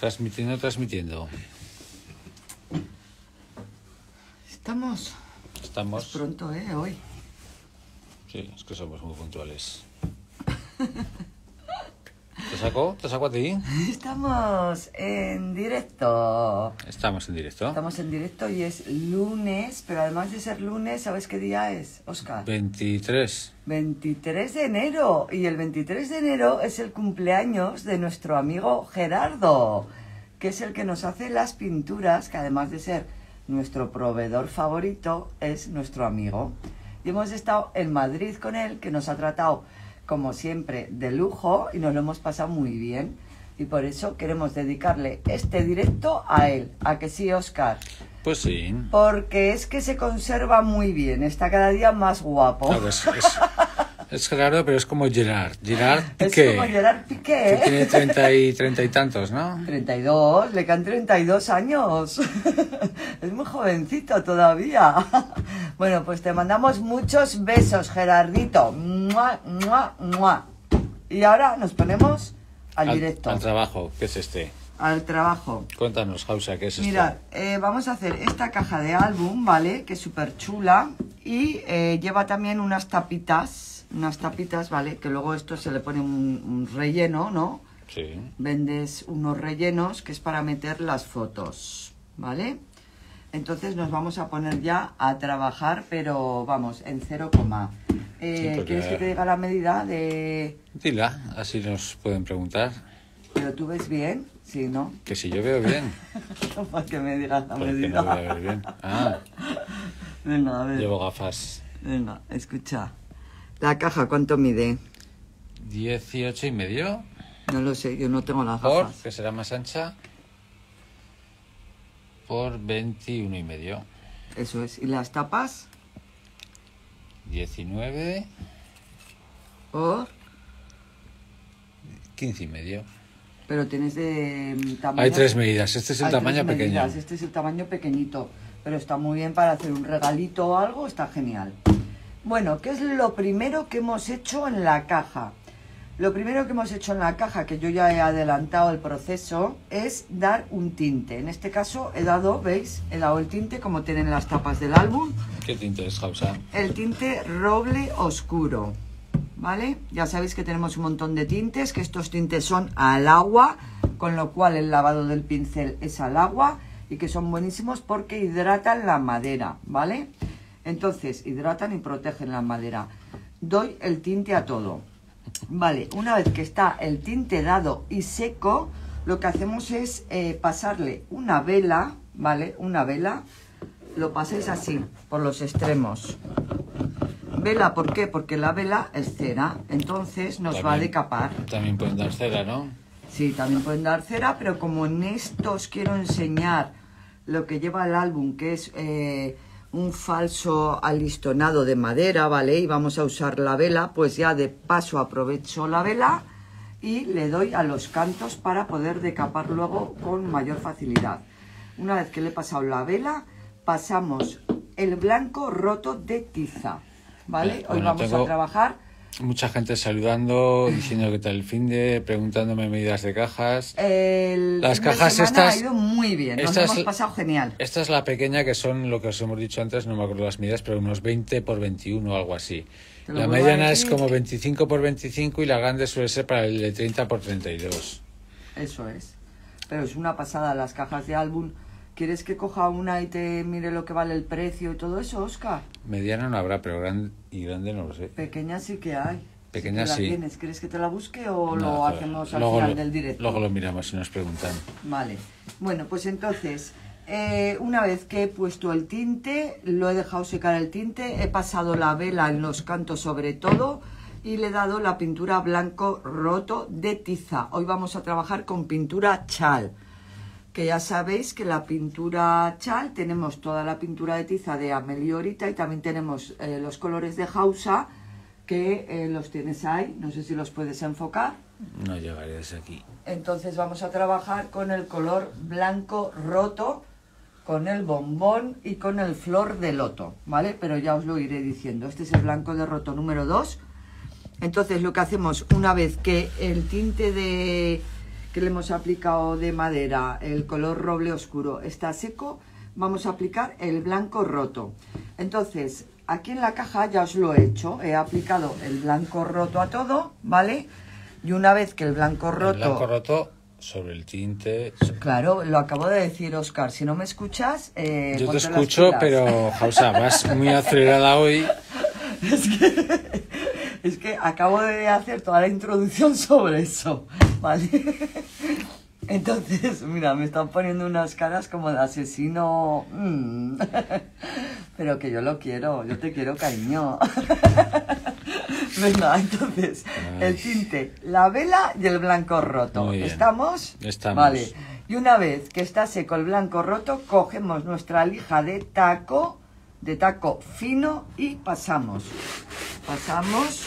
Transmitiendo, transmitiendo. Estamos. Estamos. pronto, ¿eh? Hoy. Sí, es que somos muy puntuales. ¿Te saco? ¿Te saco a ti? Estamos en directo. Estamos en directo. Estamos en directo y es lunes, pero además de ser lunes, ¿sabes qué día es, Oscar? 23. 23 de enero. Y el 23 de enero es el cumpleaños de nuestro amigo Gerardo, que es el que nos hace las pinturas, que además de ser nuestro proveedor favorito, es nuestro amigo. Y hemos estado en Madrid con él, que nos ha tratado como siempre, de lujo y nos lo hemos pasado muy bien. Y por eso queremos dedicarle este directo a él. ¿A que sí, Oscar? Pues sí. Porque es que se conserva muy bien, está cada día más guapo. Es Gerardo pero es como Gerard. Gerard Piqué. Es como Gerard Piqué. ¿eh? tiene treinta y, treinta y tantos, ¿no? dos, le quedan dos años. Es muy jovencito todavía. Bueno, pues te mandamos muchos besos, Gerardito. Muah, muah, muah. Y ahora nos ponemos al, directo. Al trabajo, ¿qué es este. Al trabajo. Cuéntanos, Jausa ¿qué es esto? Mira, eh, vamos a hacer esta caja de álbum, ¿vale? Que es súper chula. Y eh, lleva también unas tapitas unas tapitas, ¿vale? Que luego esto se le pone un, relleno, ¿no? Sí. Vendes unos rellenos que es para meter las fotos, ¿vale? Entonces nos vamos a poner ya a trabajar, pero vamos, en cero coma. Eh, ¿Quieres que te diga la medida de...? Dila, así nos pueden preguntar. ¿Pero tú ves bien? Sí, ¿no? Que si yo veo bien. para que me digas la medida. No voy a ver bien. Ah. Venga, a ver. Llevo gafas. Venga, escucha. La caja, ¿cuánto mide? 18 y medio. No lo sé, yo no tengo caja. Por, que será más ancha, por 21 y medio. Eso es. ¿Y las tapas? 19 por 15 y medio. Pero tienes de mm, tamaño... Hay tres medidas. Este es el tamaño pequeño. Este es el tamaño pequeñito. Pero está muy bien para hacer un regalito o algo, está genial. Bueno, ¿qué es lo primero que hemos hecho en la caja? Lo primero que hemos hecho en la caja, que yo ya he adelantado el proceso, es dar un tinte. En este caso he dado, ¿veis? He dado el tinte como tienen las tapas del álbum. ¿Qué tinte es, Jausa? El tinte roble oscuro, ¿vale? Ya sabéis que tenemos un montón de tintes, que estos tintes son al agua, con lo cual el lavado del pincel es al agua y que son buenísimos porque hidratan la madera, ¿vale? vale entonces, hidratan y protegen la madera. Doy el tinte a todo. Vale, una vez que está el tinte dado y seco, lo que hacemos es eh, pasarle una vela, ¿vale? Una vela, lo pasáis así, por los extremos. Vela, ¿por qué? Porque la vela es cera, entonces nos va a decapar. También pueden dar cera, ¿no? Sí, también pueden dar cera, pero como en esto os quiero enseñar lo que lleva el álbum, que es eh, un falso alistonado de madera, ¿vale? Y vamos a usar la vela, pues ya de paso aprovecho la vela y le doy a los cantos para poder decapar luego con mayor facilidad. Una vez que le he pasado la vela, pasamos el blanco roto de tiza, ¿vale? Hoy vamos a trabajar Mucha gente saludando, diciendo que tal el fin de, preguntándome medidas de cajas. El Las cajas estas. Ha ido muy bien, nos hemos pasado genial. Esta es la pequeña que son lo que os hemos dicho antes, no me acuerdo las medidas, pero unos 20 por 21 o algo así. La mediana es como 25 por 25 y la grande suele ser para el de 30 por 32. Eso es. Pero es una pasada las cajas de álbum. ¿Quieres que coja una y te mire lo que vale el precio y todo eso, Oscar? Mediana no habrá, pero grande y grande no lo sé. Pequeña sí que hay. Pequeña sí. ¿Quieres que te la busque o lo pues, hacemos al final del directo? Luego lo miramos si nos preguntan. Vale. Bueno, pues entonces, eh, una vez que he puesto el tinte, lo he dejado secar el tinte, he pasado la vela en los cantos sobre todo y le he dado la pintura blanco roto de tiza. Hoy vamos a trabajar con pintura chal que ya sabéis que la pintura chal, tenemos toda la pintura de tiza de Ameliorita y también tenemos eh, los colores de Hausa, que eh, los tienes ahí, no sé si los puedes enfocar. No llegaré desde aquí. Entonces vamos a trabajar con el color blanco roto, con el bombón y con el flor de loto, ¿vale? Pero ya os lo iré diciendo. Este es el blanco de roto número 2. Entonces lo que hacemos una vez que el tinte de que le hemos aplicado de madera, el color roble oscuro, está seco, vamos a aplicar el blanco roto. Entonces, aquí en la caja ya os lo he hecho, he aplicado el blanco roto a todo, ¿vale? Y una vez que el blanco roto... roto sobre el tinte... Claro, lo acabo de decir, Oscar, si no me escuchas... Eh, Yo te escucho, pero, Jausa, más muy acelerada hoy. Es es que acabo de hacer toda la introducción sobre eso, ¿vale? Entonces, mira, me están poniendo unas caras como de asesino. Mm. Pero que yo lo quiero, yo te quiero, cariño. Venga, entonces, el tinte, la vela y el blanco roto. ¿Estamos? Estamos. Vale. Y una vez que está seco el blanco roto, cogemos nuestra lija de taco de taco fino y pasamos. Pasamos.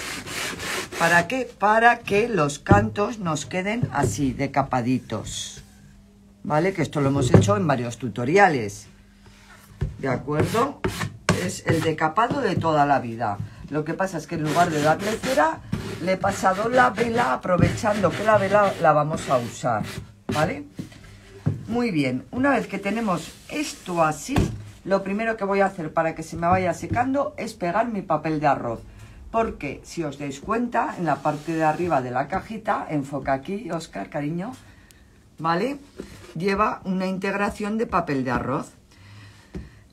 ¿Para qué? Para que los cantos nos queden así, decapaditos. ¿Vale? Que esto lo hemos hecho en varios tutoriales. ¿De acuerdo? Es el decapado de toda la vida. Lo que pasa es que en lugar de la cera, le he pasado la vela aprovechando que la vela la vamos a usar. ¿Vale? Muy bien. Una vez que tenemos esto así, lo primero que voy a hacer para que se me vaya secando es pegar mi papel de arroz. Porque si os dais cuenta, en la parte de arriba de la cajita, enfoca aquí, Oscar, cariño, ¿vale? Lleva una integración de papel de arroz.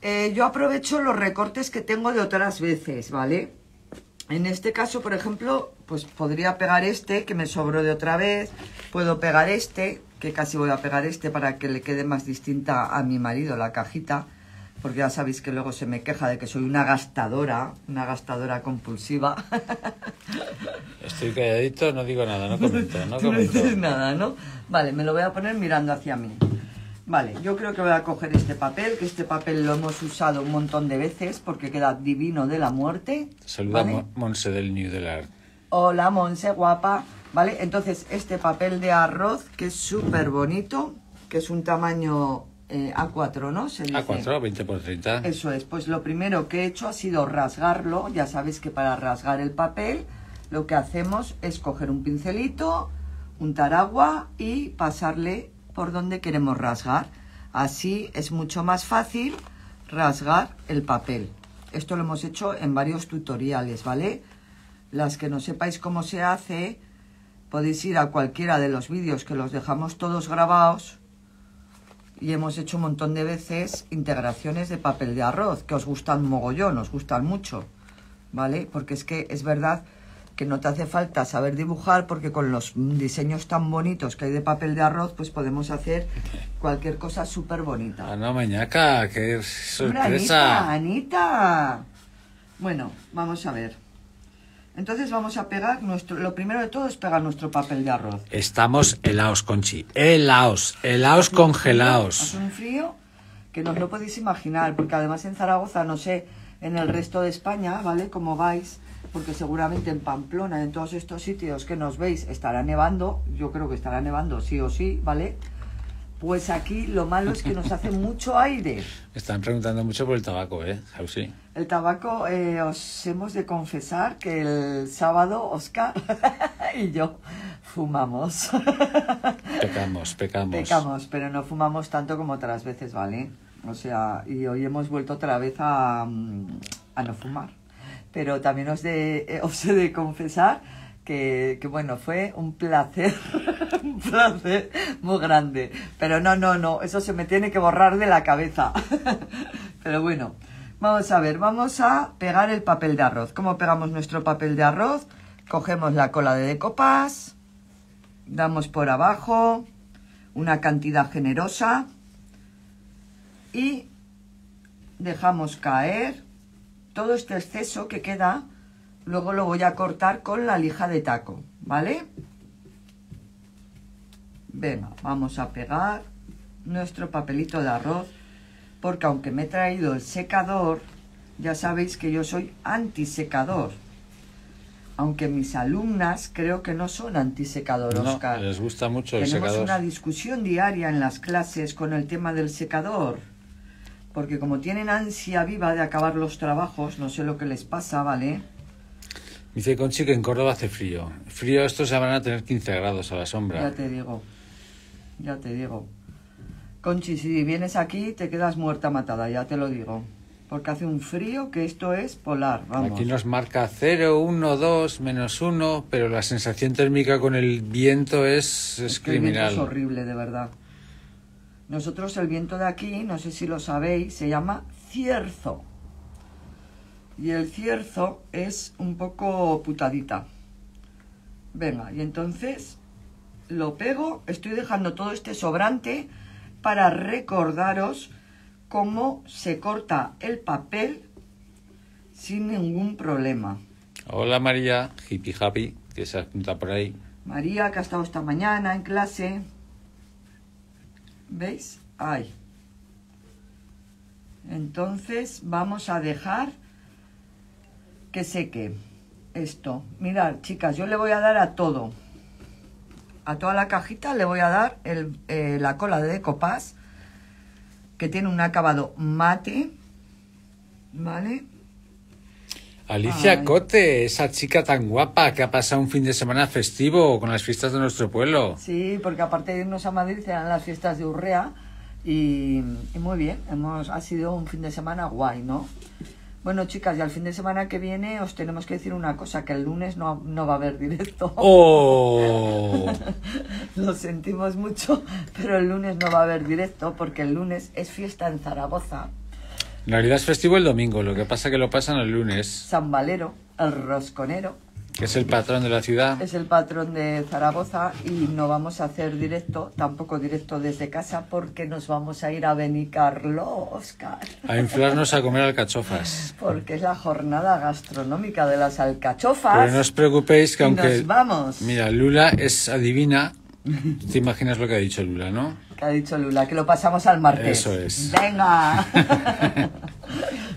Eh, yo aprovecho los recortes que tengo de otras veces, ¿vale? En este caso, por ejemplo, pues podría pegar este que me sobró de otra vez. Puedo pegar este, que casi voy a pegar este para que le quede más distinta a mi marido la cajita porque ya sabéis que luego se me queja de que soy una gastadora, una gastadora compulsiva. Estoy calladito, no digo nada, no comento, no comento. No nada, ¿no? Vale, me lo voy a poner mirando hacia mí. Vale, yo creo que voy a coger este papel, que este papel lo hemos usado un montón de veces porque queda divino de la muerte. Saluda a Monse del New Delar. Hola Monse, guapa. Vale, entonces este papel de arroz que es súper bonito, que es un tamaño eh, A4, ¿no? A4, 20 por Eso es, pues lo primero que he hecho ha sido rasgarlo, ya sabéis que para rasgar el papel lo que hacemos es coger un pincelito, untar agua y pasarle por donde queremos rasgar. Así es mucho más fácil rasgar el papel. Esto lo hemos hecho en varios tutoriales, ¿vale? Las que no sepáis cómo se hace, podéis ir a cualquiera de los vídeos que los dejamos todos grabados y hemos hecho un montón de veces integraciones de papel de arroz, que os gustan mogollón, nos gustan mucho, ¿vale? Porque es que es verdad que no te hace falta saber dibujar porque con los diseños tan bonitos que hay de papel de arroz, pues podemos hacer cualquier cosa súper bonita. Ah, mañaca, qué sorpresa. Anita. Bueno, vamos a ver. Entonces vamos a pegar nuestro... Lo primero de todo es pegar nuestro papel de arroz. Estamos helados, Conchi. Helados, helados congelaos. congelados. un frío que no os lo podéis imaginar, porque además en Zaragoza, no sé, en el resto de España, ¿vale? Como vais, porque seguramente en Pamplona, en todos estos sitios que nos veis, estará nevando. Yo creo que estará nevando sí o sí, ¿vale? vale pues aquí lo malo es que nos hace mucho aire. Están preguntando mucho por el tabaco, ¿eh, El tabaco, eh, os hemos de confesar que el sábado Oscar y yo fumamos. pecamos, pecamos. Pecamos, pero no fumamos tanto como otras veces, ¿vale? O sea, y hoy hemos vuelto otra vez a, mm, no fumar. Pero también os, de, eh, os he de confesar que, bueno, fue un placer, un placer muy grande. Pero no, no, no, eso se me tiene que borrar de la cabeza. Pero bueno, vamos a ver, vamos a pegar el papel de arroz. ¿Cómo pegamos nuestro papel de arroz? Cogemos la cola de decopas, damos por abajo una cantidad generosa y dejamos caer todo este exceso que queda Luego lo voy a cortar con la lija de taco, ¿vale? Venga, vamos a pegar nuestro papelito de arroz, porque aunque me he traído el secador, ya sabéis que yo soy anti secador Aunque mis alumnas creo que no son antisecador, no, Oscar. les gusta mucho el Tenemos una discusión diaria en las clases con el tema del secador. Porque como tienen ansia viva de acabar los trabajos, no sé lo que les pasa, ¿vale? Dice Conchi que en Córdoba hace frío. Frío estos se van a tener 15 grados a la sombra. Ya te digo, ya te digo. Conchi, si vienes aquí te quedas muerta matada, ya te lo digo. Porque hace un frío que esto es polar, vamos. Aquí nos marca 0, 1, 2, menos 1, pero la sensación térmica con el viento es, es, criminal. es horrible, de verdad. Nosotros el viento de aquí, no sé si lo sabéis, se llama cierzo y el cierzo es un poco putadita. Venga, y entonces lo pego, estoy dejando todo este sobrante para recordaros cómo se corta el papel sin ningún problema. Hola María, hippie happy, que se apunta por ahí. María, que ha estado esta mañana en clase. ¿Veis? ¡Ay! Entonces vamos a dejar que seque esto. Mirad, chicas, yo le voy a dar a todo. A toda la cajita le voy a dar eh, la cola de copas que tiene un acabado mate, ¿vale? Alicia Cote, esa chica tan guapa que ha pasado un fin de semana festivo con las fiestas de nuestro pueblo. Sí, porque aparte de irnos a Madrid serán las fiestas de Urrea y, y muy bien, hemos, ha sido un fin de semana guay, ¿no? Bueno, chicas, y al fin de semana que viene os tenemos que decir una cosa, que el lunes no, va a haber directo. Oh. Lo sentimos mucho, pero el lunes no va a haber directo porque el lunes es fiesta en Zaragoza. En realidad es festivo el domingo, lo que pasa que lo pasan el lunes. San Valero, el rosconero. Que es el patrón de la ciudad. Es el patrón de Zaragoza y no vamos a hacer directo, tampoco directo desde casa, porque nos vamos a ir a Benicarlo, Oscar. A inflarnos a comer alcachofas. Porque es la jornada gastronómica de las alcachofas. Pero no os preocupéis que aunque... Nos vamos. Mira, Lula es adivina. Te imaginas lo que ha dicho Lula, ¿no? Que ha dicho Lula, que lo pasamos al martes. Eso es. Venga.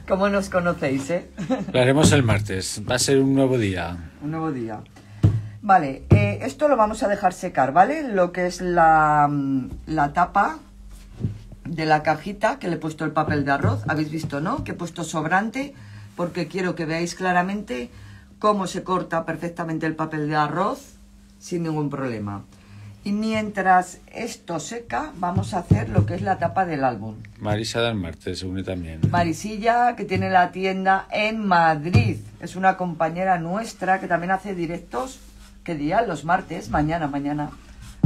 ¿Cómo nos conocéis, eh? Lo haremos el martes. Va a ser un nuevo día un nuevo día. Vale, eh, esto lo vamos a dejar secar, ¿vale? Lo que es la, mm, la tapa de la cajita que le he puesto el papel de arroz. Habéis visto, ¿no? Que he puesto sobrante porque quiero que veáis claramente cómo se corta perfectamente el papel de arroz sin ningún problema. Y mientras esto seca, vamos a hacer lo que es la tapa del álbum. Marisa del martes, se une también. Marisilla, que tiene la tienda en Madrid. Es una compañera nuestra que también hace directos. ¿Qué día? Los martes, mañana, mañana.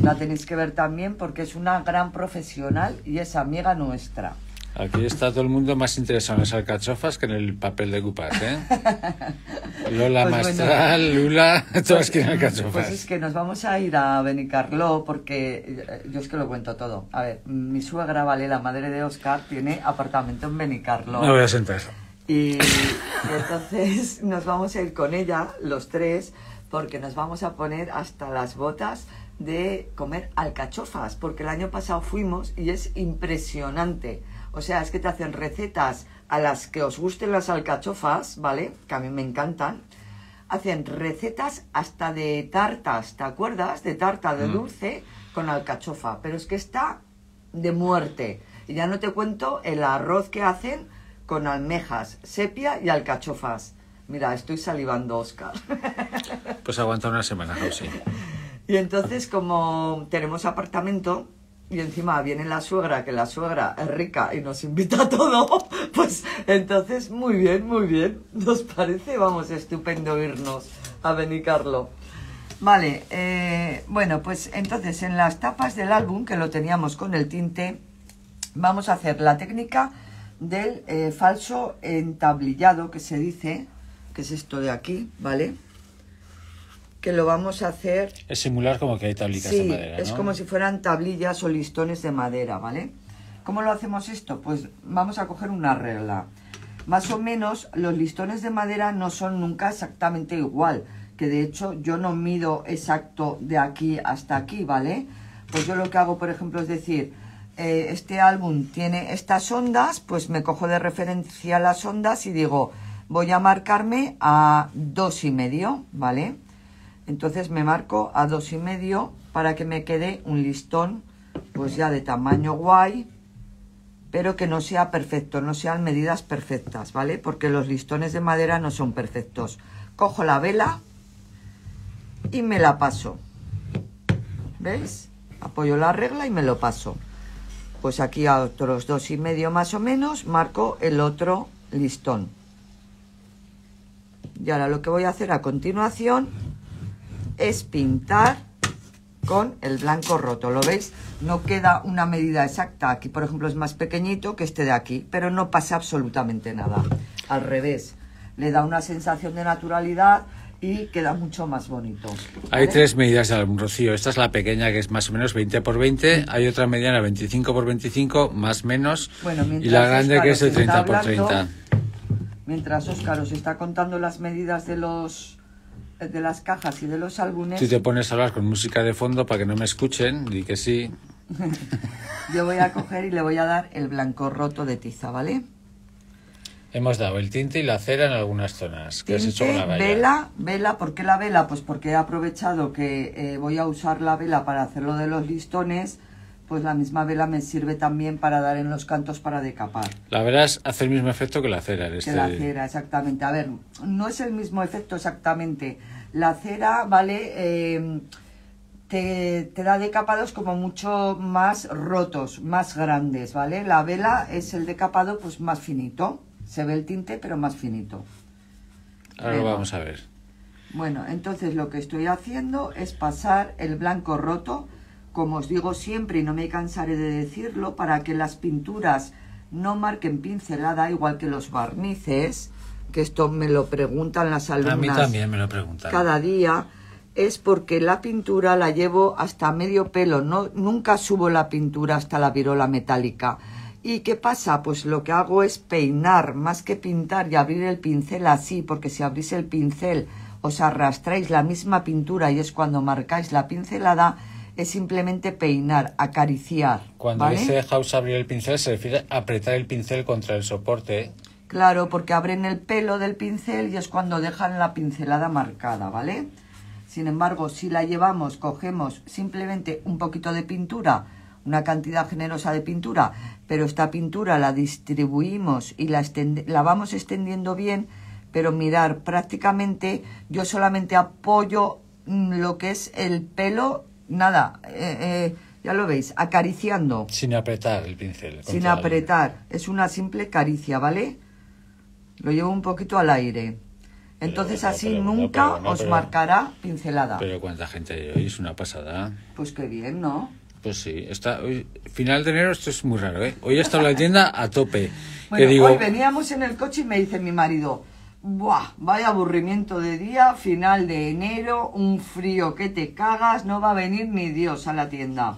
La tenéis que ver también porque es una gran profesional y es amiga nuestra. Aquí está todo el mundo más interesado en las alcachofas que en el papel de cupas, ¿eh? Lola pues Mastral, Lula, pues todas quieren alcachofas. Pues es que nos vamos a ir a Benicarló porque eh, yo es que lo cuento todo. A ver, mi suegra, vale, la madre de Oscar, tiene apartamento en Benicarló. No voy a sentar. y entonces nos vamos a ir con ella, los tres, porque nos vamos a poner hasta las botas de comer alcachofas, porque el año pasado fuimos y es impresionante o sea, es que te hacen recetas a las que os gusten las alcachofas, ¿vale? Que a mí me encantan. Hacen recetas hasta de tartas, ¿te acuerdas? De tarta de mm. dulce con alcachofa. Pero es que está de muerte. Y ya no te cuento el arroz que hacen con almejas, sepia y alcachofas. Mira, estoy salivando, Oscar. Pues aguanta una semana, Rosy. Y entonces, como tenemos apartamento, y encima viene la suegra, que la suegra es rica y nos invita a todo, pues entonces muy bien, muy bien. Nos parece, vamos, estupendo irnos a Benicarlo. Vale, eh, bueno, pues entonces en las tapas del álbum, que lo teníamos con el tinte, vamos a hacer la técnica del eh, falso entablillado, que se dice, que es esto de aquí, ¿vale? que lo vamos a hacer... Es simular como que hay tablillas de madera, es como si fueran tablillas o listones de madera, ¿vale? ¿Cómo lo hacemos esto? Pues vamos a coger una regla. Más o menos los listones de madera no son nunca exactamente igual, que de hecho yo no mido exacto de aquí hasta aquí, ¿vale? Pues yo lo que hago, por ejemplo, es decir, eh, este álbum tiene estas ondas, pues me cojo de referencia las ondas y digo, voy a marcarme a dos y medio, ¿vale? vale entonces me marco a dos y medio para que me quede un listón pues ya de tamaño guay pero que no sea perfecto, no sean medidas perfectas, ¿vale? Porque los listones de madera no son perfectos. Cojo la vela y me la paso. ¿Veis? Apoyo la regla y me lo paso. Pues aquí a otros dos y medio más o menos marco el otro listón. Y ahora lo que voy a hacer a continuación es pintar con el blanco roto, ¿lo veis? No queda una medida exacta. Aquí, por ejemplo, es más pequeñito que este de aquí, pero no pasa absolutamente nada. Al revés, le da una sensación de naturalidad y queda mucho más bonito. Hay tres medidas de algún Rocío. Esta es la pequeña, que es más o menos 20 por 20. Hay otra mediana, 25 por 25, más o menos. y la grande, que es de 30 por 30. Mientras Oscar os está contando las medidas de los de las cajas y de los álbumes. si te pones a hablar con música de fondo para que no me escuchen, di que sí. Yo voy a coger y le voy a dar el blanco roto de tiza, ¿vale? Hemos dado el tinte y la cera en algunas zonas. que has hecho una Vela, vela, ¿por qué la vela? Pues porque he aprovechado que eh, voy a usar la vela para hacer lo de los listones pues la misma vela me sirve también para dar en los cantos para decapar. La vela hace el mismo efecto que la cera. Que este la cera, exactamente. A ver, no es el mismo efecto exactamente. La cera, ¿vale? Em, te, da decapados como mucho más rotos, más grandes, ¿vale? La vela es el decapado pues más finito. Se ve el tinte, pero más finito. Ahora lo vamos a ver. Bueno, entonces lo que estoy haciendo es pasar el blanco roto como os digo siempre y no me cansaré de decirlo, para que las pinturas no marquen pincelada igual que los barnices, que esto me lo preguntan las alumnas. también me lo Cada día es porque la pintura la llevo hasta medio pelo, no nunca subo la pintura hasta la virola metálica. ¿Y qué pasa? Pues lo que hago es peinar más que pintar y abrir el pincel así, porque si abrís el pincel os arrastráis la misma pintura y es cuando marcáis la pincelada es simplemente peinar, acariciar. Cuando dice House abrir el pincel, se refiere a apretar el pincel contra el soporte. Claro, porque abren el pelo del pincel y es cuando dejan la pincelada marcada, ¿vale? Sin embargo, si la llevamos, cogemos simplemente un poquito de pintura, una cantidad generosa de pintura, pero esta pintura la distribuimos y la, la vamos extendiendo bien, pero mirar, prácticamente yo solamente apoyo mm, lo que es el pelo nada, eh, eh, ya lo veis, acariciando. Sin apretar el pincel. Sin apretar, es una simple caricia, ¿vale? Lo llevo un poquito al aire. Entonces así nunca os marcará pincelada. Pero cuánta gente hay hoy, es una pasada. Pues qué bien, ¿no? Pues sí, está, hoy, final de enero esto es muy raro, ¿eh? Hoy está la tienda a tope. que digo... hoy veníamos en el coche y me dice mi marido, Buah, vaya aburrimiento de día, final de enero, un frío que te cagas, no va a venir ni Dios a la tienda.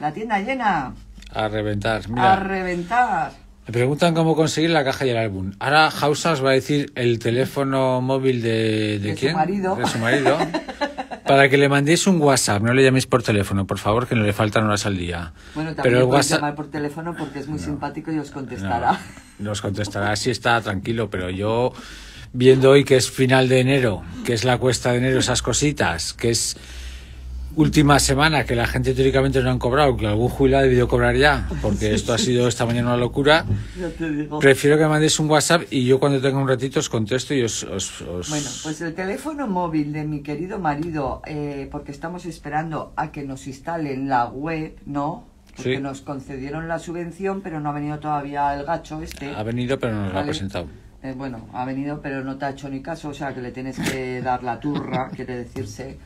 La tienda llena. A reventar, mira. A reventar. Me preguntan cómo conseguir la caja y el álbum. Ahora Hausas va a decir el teléfono móvil de, de, quién? marido. De su marido. Para que le mandéis un WhatsApp, no le llaméis por teléfono, por favor, que no le faltan horas al día. Bueno, también Pero el WhatsApp... llamar por teléfono porque es muy simpático y os contestará. nos contestará, sí está tranquilo, pero yo viendo hoy que es final de enero, que es la cuesta de enero, esas cositas, que es última semana que la gente teóricamente no han cobrado, que algún ha debido cobrar ya, porque esto ha sido esta mañana una locura, prefiero que mandes mandéis un WhatsApp y yo cuando tenga un ratito os contesto y os... Bueno, pues el teléfono móvil de mi querido marido, eh, porque estamos esperando a que nos instalen la web, ¿no? Porque nos concedieron la subvención, pero no ha venido todavía el gacho este. Ha venido, pero no nos lo ha presentado. Eh, bueno, ha venido, pero no te ha hecho ni caso, o sea que le tienes que dar la turra, quiere decirse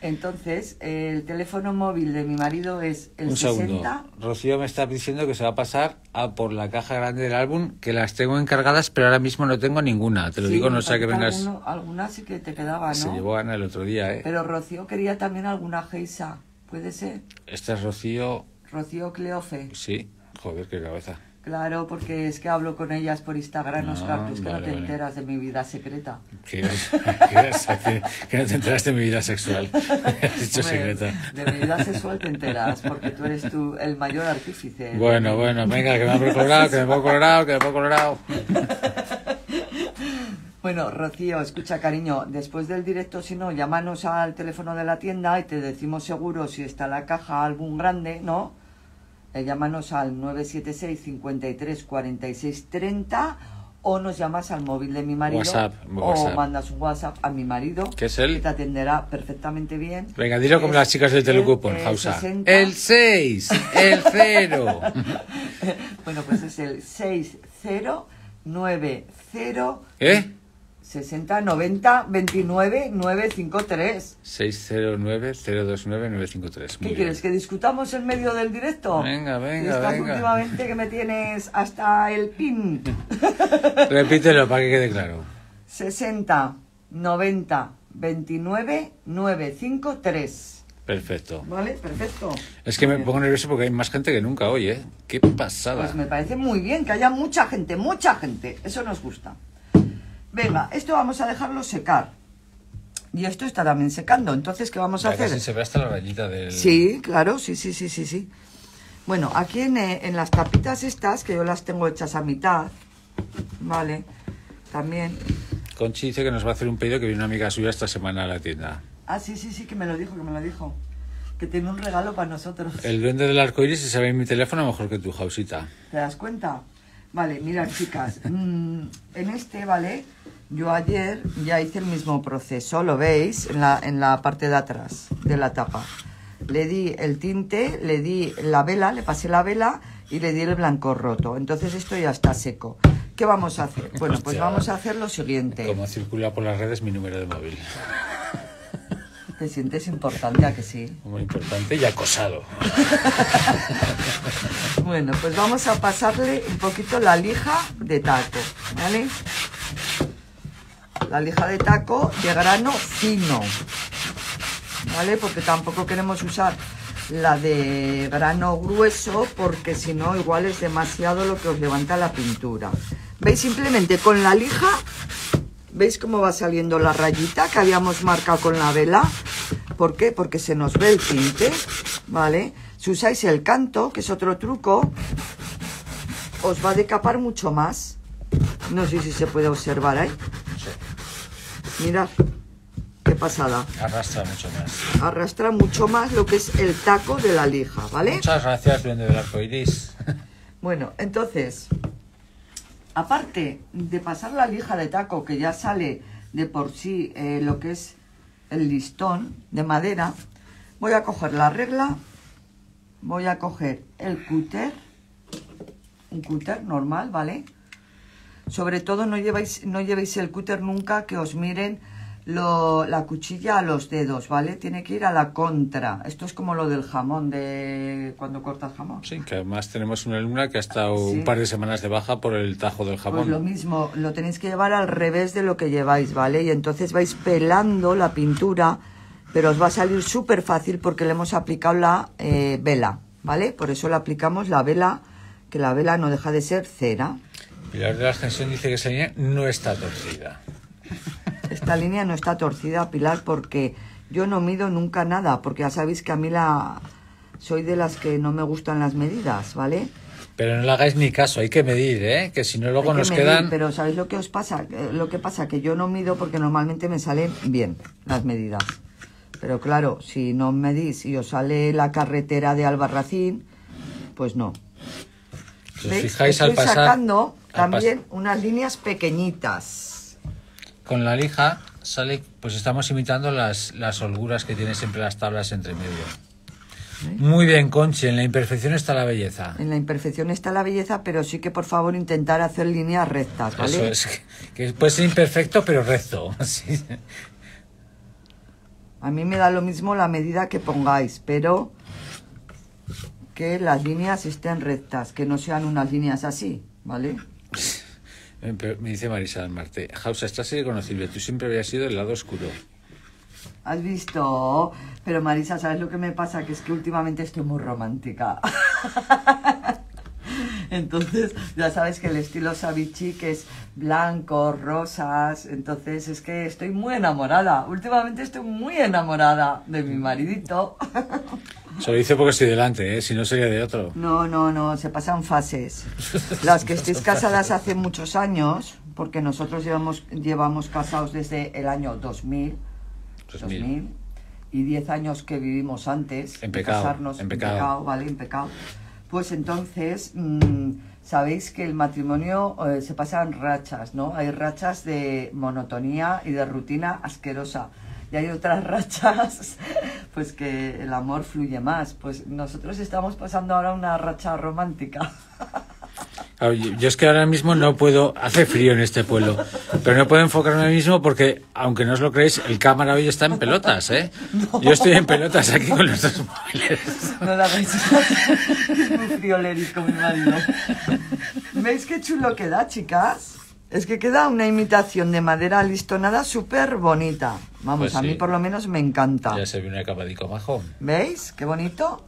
entonces, el teléfono móvil de mi marido es el Un 60. Rocío me está diciendo que se va a pasar a por la caja grande del álbum, que las tengo encargadas, pero ahora mismo no tengo ninguna. Te lo digo, no sé que vengas. Algunas sí que te quedaba, ¿no? Se llevó Ana el otro día, ¿eh? Pero Rocío quería también alguna geisa, ¿puede ser? Esta es Rocío. Rocío Cleofe. Sí, joder, qué cabeza. Claro, porque es que hablo con ellas por Instagram, no, ah, Oscar. es que no te enteras de mi vida secreta. ¿Qué, qué, que no te enteras de mi vida sexual. dicho secreta. De mi vida sexual te enteras, porque tú eres tú el mayor artífice. Bueno, bueno, venga, que me han colorado, que me pongo colorado, que me pongo colorado. Bueno, Rocío, escucha, cariño, después del directo, si no, llámanos al teléfono de la tienda y te decimos seguro si está la caja, álbum grande, ¿no? Eh, llámanos al 976 53 46 30 o nos llamas al móvil de mi marido o mandas un WhatsApp a mi marido que te atenderá perfectamente bien venga dilo como las chicas de Telecoupon Hausa el 6 eh, el 0 bueno pues es el 6090 ¿Eh? 60 90 29 953. 609 029 953. ¿Qué quieres? ¿Que discutamos en medio del directo? Venga, venga. Estás venga. últimamente que me tienes hasta el pin. Repítelo para que quede claro. 60 90 29 953. Perfecto. Vale, perfecto. Es que me pongo nervioso porque hay más gente que nunca hoy, ¿eh? Qué pasada. Pues me parece muy bien que haya mucha gente, mucha gente. Eso nos gusta. Venga, esto vamos a dejarlo secar. Y esto está también secando. Entonces, ¿qué vamos a hacer? se ve hasta la rayita del... Sí, claro, sí, sí, sí, sí, sí. Bueno, aquí eh, en, las tapitas estas, que yo las tengo hechas a mitad, ¿vale? También... Conchi dice que nos va a hacer un pedido que viene una amiga suya esta semana a la tienda. Ah, sí, sí, sí, que me lo dijo, que me lo dijo. Que tiene un regalo para nosotros. El duende del arco iris se sabe en mi teléfono mejor que tu jausita. ¿Te das cuenta? Vale, mira chicas, mm, en este, ¿vale? Yo ayer ya hice el mismo proceso, lo veis, en la, en la parte de atrás de la tapa. Le di el tinte, le di la vela, le pasé la vela y le di el blanco roto. Entonces esto ya está seco. ¿Qué vamos a hacer? Bueno, pues vamos a hacer lo siguiente. Como circula por las redes mi número de móvil. ¿Te sientes importante a que sí? Muy importante y acosado. bueno, pues vamos a pasarle un poquito la lija de taco, ¿vale? La lija de taco de grano fino, ¿vale? Porque tampoco queremos usar la de grano grueso porque si no igual es demasiado lo que os levanta la pintura. ¿Veis? Simplemente con la lija ¿Veis cómo va saliendo la rayita que habíamos marcado con la vela? ¿Por qué? Porque se nos ve el tinte, ¿vale? Si usáis el canto, que es otro truco, os va a decapar mucho más. No sé si se puede observar ahí. Mirad, qué pasada. Arrastra mucho más. Arrastra mucho más lo que es el taco de la lija, ¿vale? Muchas gracias, Duende de Arco Bueno, entonces, aparte de pasar la lija de taco, que ya sale de por sí eh, lo que es el listón de madera, voy a coger la regla, voy a coger el cúter, un cúter normal, ¿vale? Sobre todo no, lleváis, no llevéis el cúter nunca que os miren la cuchilla a los dedos, ¿vale? Tiene que ir a la contra. Esto es como lo del jamón, de cuando cortas jamón. Sí, que además tenemos una alumna que ha estado un par de semanas de baja por el tajo del jamón. Pues lo mismo, lo tenéis que llevar al revés de lo que lleváis, ¿vale? Y entonces vais pelando la pintura, pero os va a salir súper fácil porque le hemos aplicado la eh, vela, ¿vale? Por eso le aplicamos la vela, que la vela no deja de ser cera. Pilar de la dice que esa línea no está torcida esta línea no está torcida, Pilar, porque yo no mido nunca nada, porque ya sabéis que a mí la soy de las que no me gustan las medidas, ¿vale? Pero no le hagáis ni caso, hay que medir, ¿eh? Que si no luego nos quedan... Pero ¿sabéis lo que os pasa? Eh, lo que pasa que yo no mido porque normalmente me salen bien las medidas. Pero claro, si no medís y os sale la carretera de Albarracín, pues no. os fijáis al Estoy sacando también unas líneas pequeñitas con la lija sale, pues estamos imitando las, las holguras que tienen siempre las tablas entre medio. ¿Eh? Muy bien, Conchi, en la imperfección está la belleza. En la imperfección está la belleza, pero sí que por favor intentar hacer líneas rectas, ¿vale? es, que, puede ser imperfecto, pero recto. A mí me da lo mismo la medida que pongáis, pero que las líneas estén rectas, que no sean unas líneas así, ¿vale? Eh, me dice Marisa del Marte, Hausa, estás irreconocible, tú siempre habías sido el lado oscuro. ¿Has visto? Pero Marisa, ¿sabes lo que me pasa? Que es que últimamente estoy muy romántica. Entonces, ya sabes que el estilo Sabichi que es blanco, rosas, entonces es que estoy muy enamorada. Últimamente estoy muy enamorada de mi maridito. Se lo dice porque estoy delante, ¿eh? si no sería de otro. No, no, no, se pasan fases. Las que estéis casadas hace muchos años, porque nosotros llevamos, llevamos casados desde el año 2000, 2000. y 10 años que vivimos antes. En pecado. pecado. En pecado, ¿vale? En pecado pues entonces mm, sabéis que el matrimonio eh, se pasa en rachas, ¿no? Hay rachas de monotonía y de rutina asquerosa. Y hay otras rachas, pues que el amor fluye más. Pues nosotros estamos pasando ahora una racha romántica. Ah, yo es que ahora mismo no puedo, hace frío en este pueblo, pero no puedo enfocarme ahora mismo porque, aunque no os lo creéis, el cámara hoy está en pelotas, ¿eh? Yo estoy en pelotas aquí con los dos móviles. No la veis. Un frioleris mi ¿Veis qué chulo queda, chicas? Es que queda una imitación de madera listonada súper bonita. Vamos, pues a mí por lo menos me encanta. Ya se ve una capa majo. ¿Veis? Qué bonito.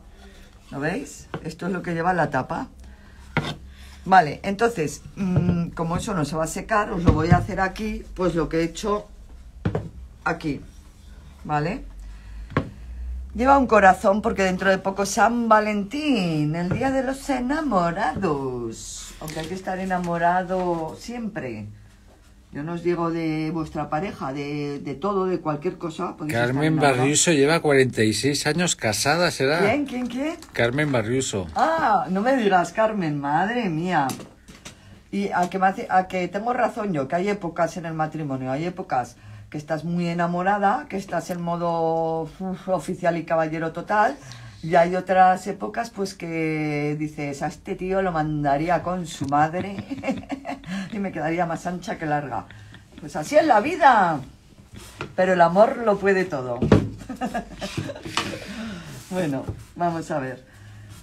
¿Lo veis? Esto es lo que lleva la tapa. Vale, entonces, mm, como eso no se va a secar, os lo voy a hacer aquí, pues lo que he hecho aquí, ¿vale? Lleva un corazón porque dentro de poco San Valentín, el día de los enamorados. Aunque hay que estar enamorado siempre. Yo no os digo de vuestra pareja, de, todo, de cualquier cosa. Carmen Barriuso lleva 46 años casada, ¿será? ¿Quién, quién, Carmen Barriuso. Ah, no me dirás Carmen, madre mía. Y a que, a que tengo razón yo, que hay épocas en el matrimonio, hay épocas que estás muy enamorada, que estás en modo oficial y caballero total, y hay otras épocas pues que dices, a este tío lo mandaría con su madre y me quedaría más ancha que larga. Pues así es la vida. Pero el amor lo puede todo. bueno, vamos a ver.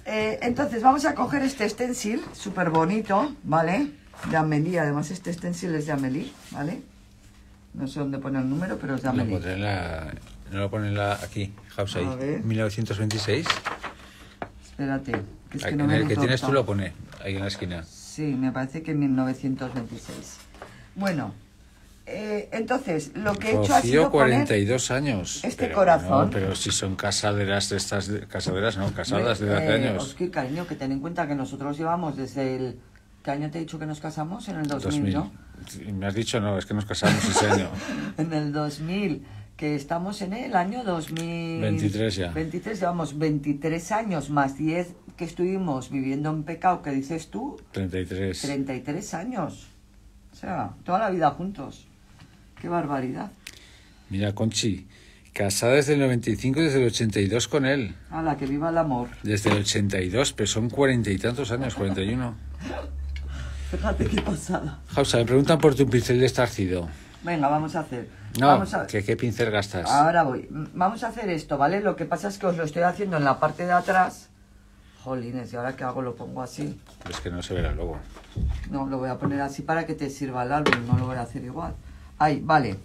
Eh, entonces vamos a coger este stencil súper bonito, ¿vale? De Amelie, además este stencil es de Amelie, ¿vale? No sé dónde pone el número, pero es de Amelie. No lo ponen la, aquí, House ahí. 1926. Espérate. Es que no en el que tienes tú lo pone ahí en la esquina. Sí, me parece que en 1926. Bueno, eh, entonces, lo que he hecho ha sido 42 años. Este corazón. pero si son casaderas de estas, casaderas, no, casadas de hace eh, años. Qué cariño, que ten en cuenta que nosotros llevamos desde el... ¿Qué año te he dicho que nos casamos? En el 2000, 2000. ¿no? Me has dicho no, es que nos casamos ese año. en el 2000 que estamos en el año 2023 ya. 23, llevamos 23 años más 10 que estuvimos viviendo en pecado, que dices tú. 33. 33 años. O sea, toda la vida juntos. Qué barbaridad. Mira, Conchi, casada desde el 95 y desde el 82 con él. A la que viva el amor. Desde el 82, pero son cuarenta y tantos años, 41. Fíjate qué pasada. Jausa, me preguntan por tu pincel de estarcido. Venga, vamos a hacer. No, Vamos a... ¿Qué, ¿qué, pincel gastas? Ahora voy. Vamos a hacer esto, ¿vale? Lo que pasa es que os lo estoy haciendo en la parte de atrás. Jolines, ¿y ahora qué hago? Lo pongo así. Es que no se verá luego. No, lo voy a poner así para que te sirva el álbum. No lo voy a hacer igual. Ahí, vale.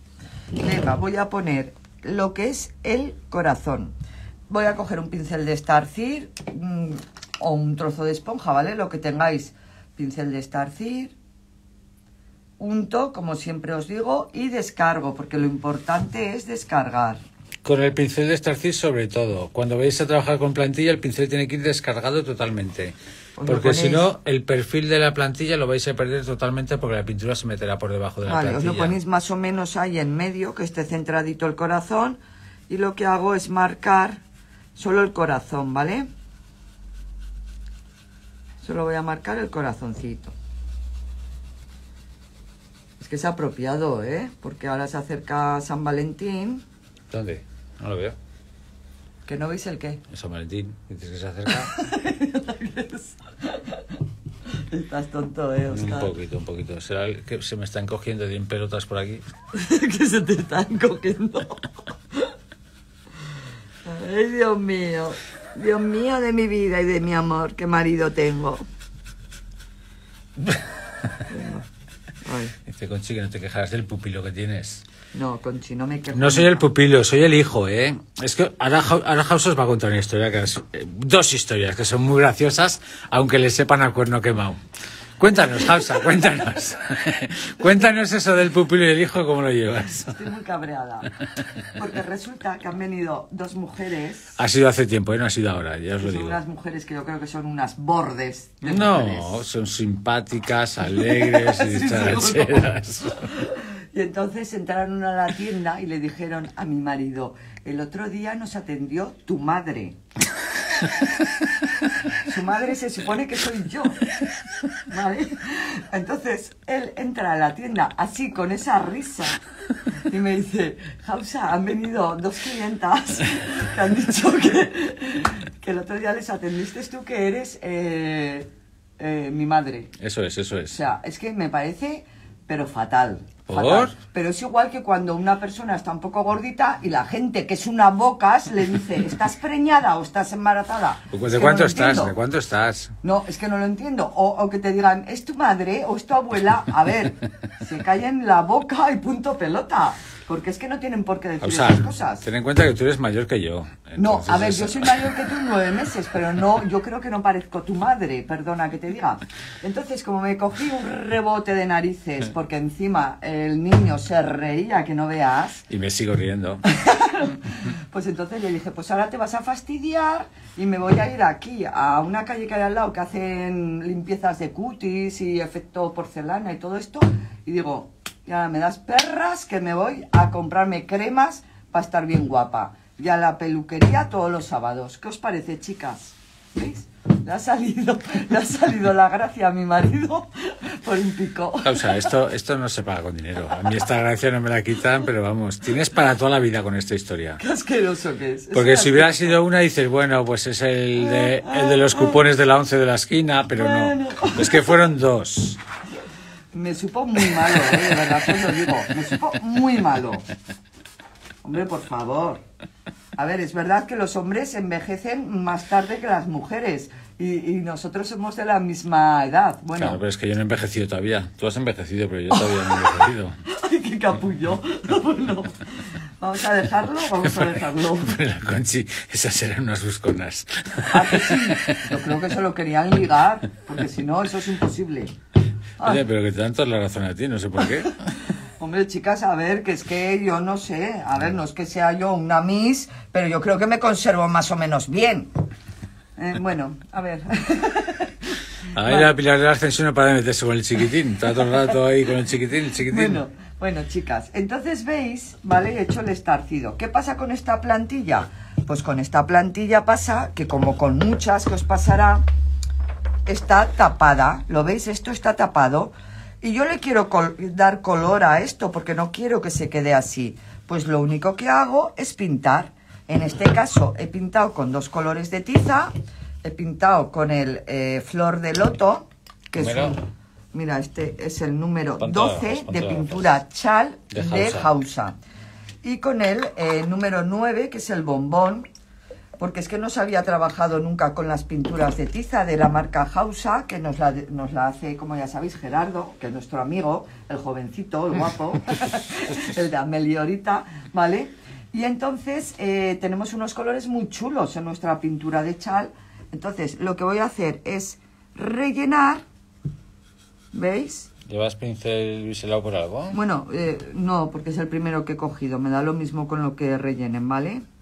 Venga, voy a poner lo que es el corazón. Voy a coger un pincel de Starcir mm, o un trozo de esponja, ¿vale? Lo que tengáis. Pincel de Starcir Punto, como siempre os digo, y descargo, porque lo importante es descargar. Con el pincel de estarcí sobre todo. Cuando vais a trabajar con plantilla, el pincel tiene que ir descargado totalmente. Pues porque si no, el perfil de la plantilla lo vais a perder totalmente porque la pintura se meterá por debajo de la plantilla. Os lo ponéis más o menos ahí en medio, que esté centradito el corazón. Y lo que hago es marcar solo el corazón, ¿vale? Solo voy a marcar el corazoncito es apropiado, ¿eh? Porque ahora se acerca San Valentín. ¿Dónde? No lo veo. ¿Que no veis el qué? San Valentín. Dices que se acerca. Estás tonto, ¿eh, Oscar? Un poquito, un poquito. ¿Será que se me están cogiendo 10 pelotas por aquí? que se te están cogiendo. Ay, Dios mío. Dios mío de mi vida y de mi amor. Qué marido tengo. Conchi, que no te quejarás del pupilo que tienes. No, Conchi, no me quejo. No soy el pupilo, soy el hijo, ¿eh? Es que ahora, os va a contar una historia, que eh, dos historias que son muy graciosas, aunque le sepan al cuerno quemado. Cuéntanos, Hausa, cuéntanos. cuéntanos eso del pupilo y el hijo, ¿cómo lo llevas? Estoy muy cabreada. Porque resulta que han venido dos mujeres. Ha sido hace tiempo, ¿eh? no ha sido ahora, ya os lo digo. Son unas mujeres que yo creo que son unas bordes. no, son simpáticas, alegres y Y entonces entraron a la tienda y le dijeron a mi marido, el otro día nos atendió tu madre. Su madre se supone que soy yo. Entonces él entra a la tienda así con esa risa y me dice, Hausa, han venido dos clientas que han dicho que, el otro día les atendiste tú que eres eh, eh, mi madre. Eso es, eso es. O sea, es que me parece pero fatal favor Pero es igual que cuando una persona está un poco gordita y la gente que es una bocas le dice, ¿estás preñada o estás embarazada? Pues, ¿De cuánto estás? cuánto estás? No, es que no lo entiendo. O, que te digan, ¿es tu madre o es tu abuela? A ver, se en la boca y punto pelota. Porque es que no tienen por qué decir esas cosas. Ten en cuenta que tú eres mayor que yo. No, a ver, yo soy mayor que tú en nueve meses, pero no, yo creo que no parezco tu madre, perdona que te diga. Entonces, como me cogí un rebote de narices, porque encima el niño se reía que no veas. Y me sigo riendo. pues entonces yo dije, pues ahora te vas a fastidiar y me voy a ir aquí, a una calle que hay al lado que hacen limpiezas de cutis y efecto porcelana y todo esto. Y digo, y ahora me das perras que me voy a comprarme cremas para estar bien guapa. Y a la peluquería todos los sábados. ¿Qué os parece, chicas? ¿Veis? Le ha salido, ha salido la gracia a mi marido por un pico. O sea, esto, esto no se paga con dinero. A mí esta gracia no me la quitan, pero vamos, tienes para toda la vida con esta historia. Qué asqueroso que es. Porque si hubiera sido una, dices, bueno, pues es el de, el de los cupones de la once de la esquina, pero no. Es que fueron dos me supo muy malo, eh, de verdad os lo digo. Me supo muy malo. Hombre, por favor. A ver, es verdad que los hombres envejecen más tarde que las mujeres. Y, y nosotros somos de la misma edad. Bueno. Claro, pero es que yo no he envejecido todavía. Tú has envejecido, pero yo todavía no he envejecido. ¡Ay, qué capullo! vamos a dejarlo, vamos a dejarlo. Pero, Conchi, esas eran unas busconas. ah, que sí. Yo creo que se lo querían ligar, porque si no, eso es imposible. Ah. Oye, pero que tanto la razón a ti, no sé por qué. Hombre, chicas, a ver, que es que yo no sé. A ver, no es que sea yo una miss, pero yo creo que me conservo más o menos bien. Eh, bueno, a ver. A ver, la Pilar de la para meterse con el chiquitín. Está todo el rato ahí con el chiquitín, el chiquitín. Bueno, bueno, chicas, entonces veis, ¿vale? He hecho el estarcido. ¿Qué pasa con esta plantilla? Pues con esta plantilla pasa que como con muchas que os pasará, está tapada, ¿lo veis? Esto está tapado. Y yo le quiero dar color a esto porque no quiero que se quede así. Pues lo único que hago es pintar. En este caso he pintado con dos colores de tiza. He pintado con el eh, flor de loto, que es Mira, este es el número 12 de pintura chal de, Hausa. Y con el eh, número 9, que es el bombón, porque es que no se había trabajado nunca con las pinturas de tiza de la marca Hausa, que nos la, hace, como ya sabéis, Gerardo, que es nuestro amigo, el jovencito, el guapo, el de Ameliorita, ¿vale? Y entonces eh, tenemos unos colores muy chulos en nuestra pintura de chal. Entonces, lo que voy a hacer es rellenar, ¿veis? ¿Llevas pincel biselado por algo? Bueno, eh, no, porque es el primero que he cogido. Me da lo mismo con lo que rellenen, ¿vale? vale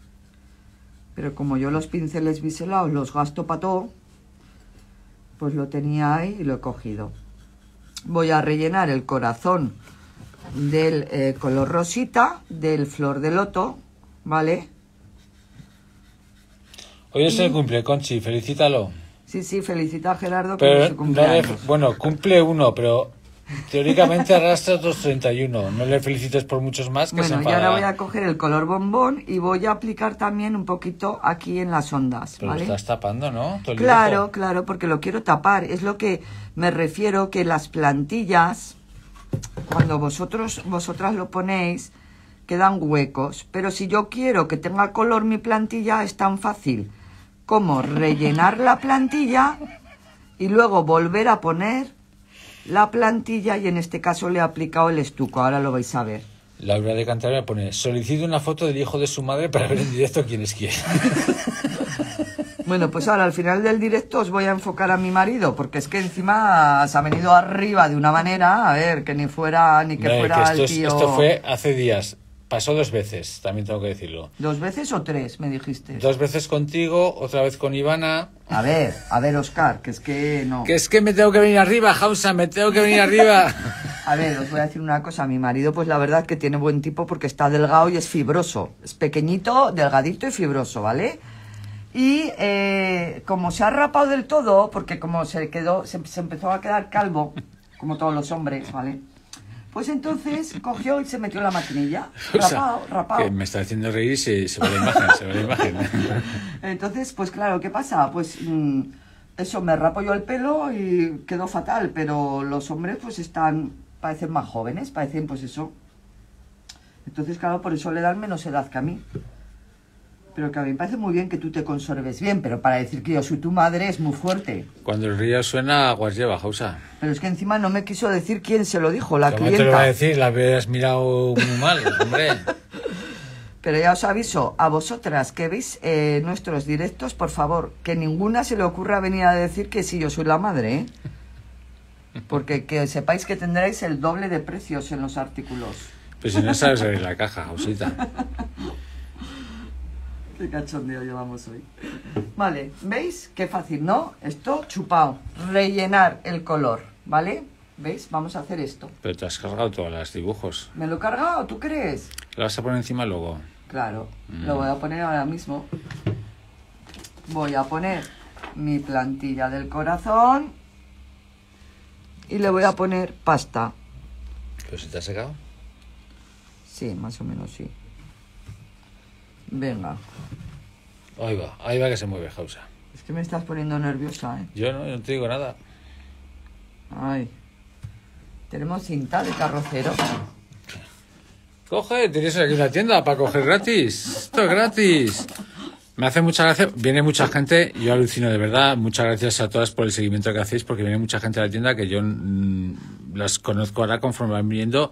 pero como yo los pinceles biselados los gasto para todo, pues lo tenía ahí y lo he cogido. Voy a rellenar el corazón del eh, color rosita, del flor de loto, ¿vale? Hoy es cumple, Conchi, felicítalo. Sí, sí, felicita a Gerardo bueno, cumple uno, pero Teóricamente arrastra 231 No le felicites por muchos más que bueno, y ahora voy a coger el color bombón y voy a aplicar también un poquito aquí en las ondas, Pero lo estás tapando, ¿no? Claro, claro, porque lo quiero tapar. Es lo que me refiero que las plantillas, cuando vosotros, vosotras lo ponéis, quedan huecos. Pero si yo quiero que tenga color mi plantilla, es tan fácil como rellenar la plantilla y luego volver a poner la plantilla y en este caso le he aplicado el estuco, ahora lo vais a ver. Laura de Cantabria pone, solicito una foto del hijo de su madre para ver en directo quién es quién. Bueno, pues ahora al final del directo os voy a enfocar a mi marido, porque es que encima se ha venido arriba de una manera, a ver, que ni fuera, ni que fuera el tío... esto fue hace días pasó dos veces, también tengo que decirlo. ¿Dos veces o tres, me dijiste? Dos veces contigo, otra vez con Ivana. A ver, a ver, Oscar, que es que no. Que es que me tengo que venir arriba, Hausa, me tengo que venir arriba. a ver, os voy a decir una cosa. Mi marido, pues la verdad que tiene buen tipo porque está delgado y es fibroso. Es pequeñito, delgadito y fibroso, ¿vale? Y eh, como se ha rapado del todo, porque como se quedó, se empezó a quedar calvo, como todos los hombres, ¿vale? Pues entonces cogió y se metió en la maquinilla. rapado, rapado. me está haciendo reír y se, se va la imagen, se ve la imagen. entonces, pues claro, ¿qué pasa? Pues mm, eso, me rapo yo el pelo y quedó fatal, pero los hombres pues están, parecen más jóvenes, parecen pues eso. Entonces, claro, por eso le dan menos edad que a mí. Pero que a mí me parece muy bien que tú te conserves bien, pero para decir que yo soy tu madre es muy fuerte. Cuando el río suena, aguas lleva, Jausa. Pero es que encima no me quiso decir quién se lo dijo, la clienta. te lo va a decir? La habías mirado muy mal, hombre. pero ya os aviso, a vosotras que veis eh, nuestros directos, por favor, que ninguna se le ocurra venir a decir que sí, yo soy la madre, ¿eh? Porque que sepáis que tendréis el doble de precios en los artículos. Pues si no sabes abrir la caja, Jausita. Qué cachondeo llevamos hoy. Vale, ¿veis? Qué fácil, ¿no? Esto chupado. Rellenar el color, ¿vale? ¿Veis? Vamos a hacer esto. Pero te has cargado todos los dibujos. ¿Me lo he cargado? ¿Tú crees? ¿Lo vas a poner encima luego? Claro, mm. lo voy a poner ahora mismo. Voy a poner mi plantilla del corazón y le voy a poner pasta. ¿Pero si te ha secado? Sí, más o menos sí. Venga. Ahí va, ahí va que se mueve, Jausa. Es que me estás poniendo nerviosa, ¿eh? Yo no, yo no te digo nada. Ay. Tenemos cinta de carrocero. Coge, tienes aquí una tienda para coger gratis. Esto es gratis. Me hace mucha gracia, viene mucha gente, yo alucino de verdad, muchas gracias a todas por el seguimiento que hacéis, porque viene mucha gente a la tienda que yo mm, las conozco ahora conforme van viniendo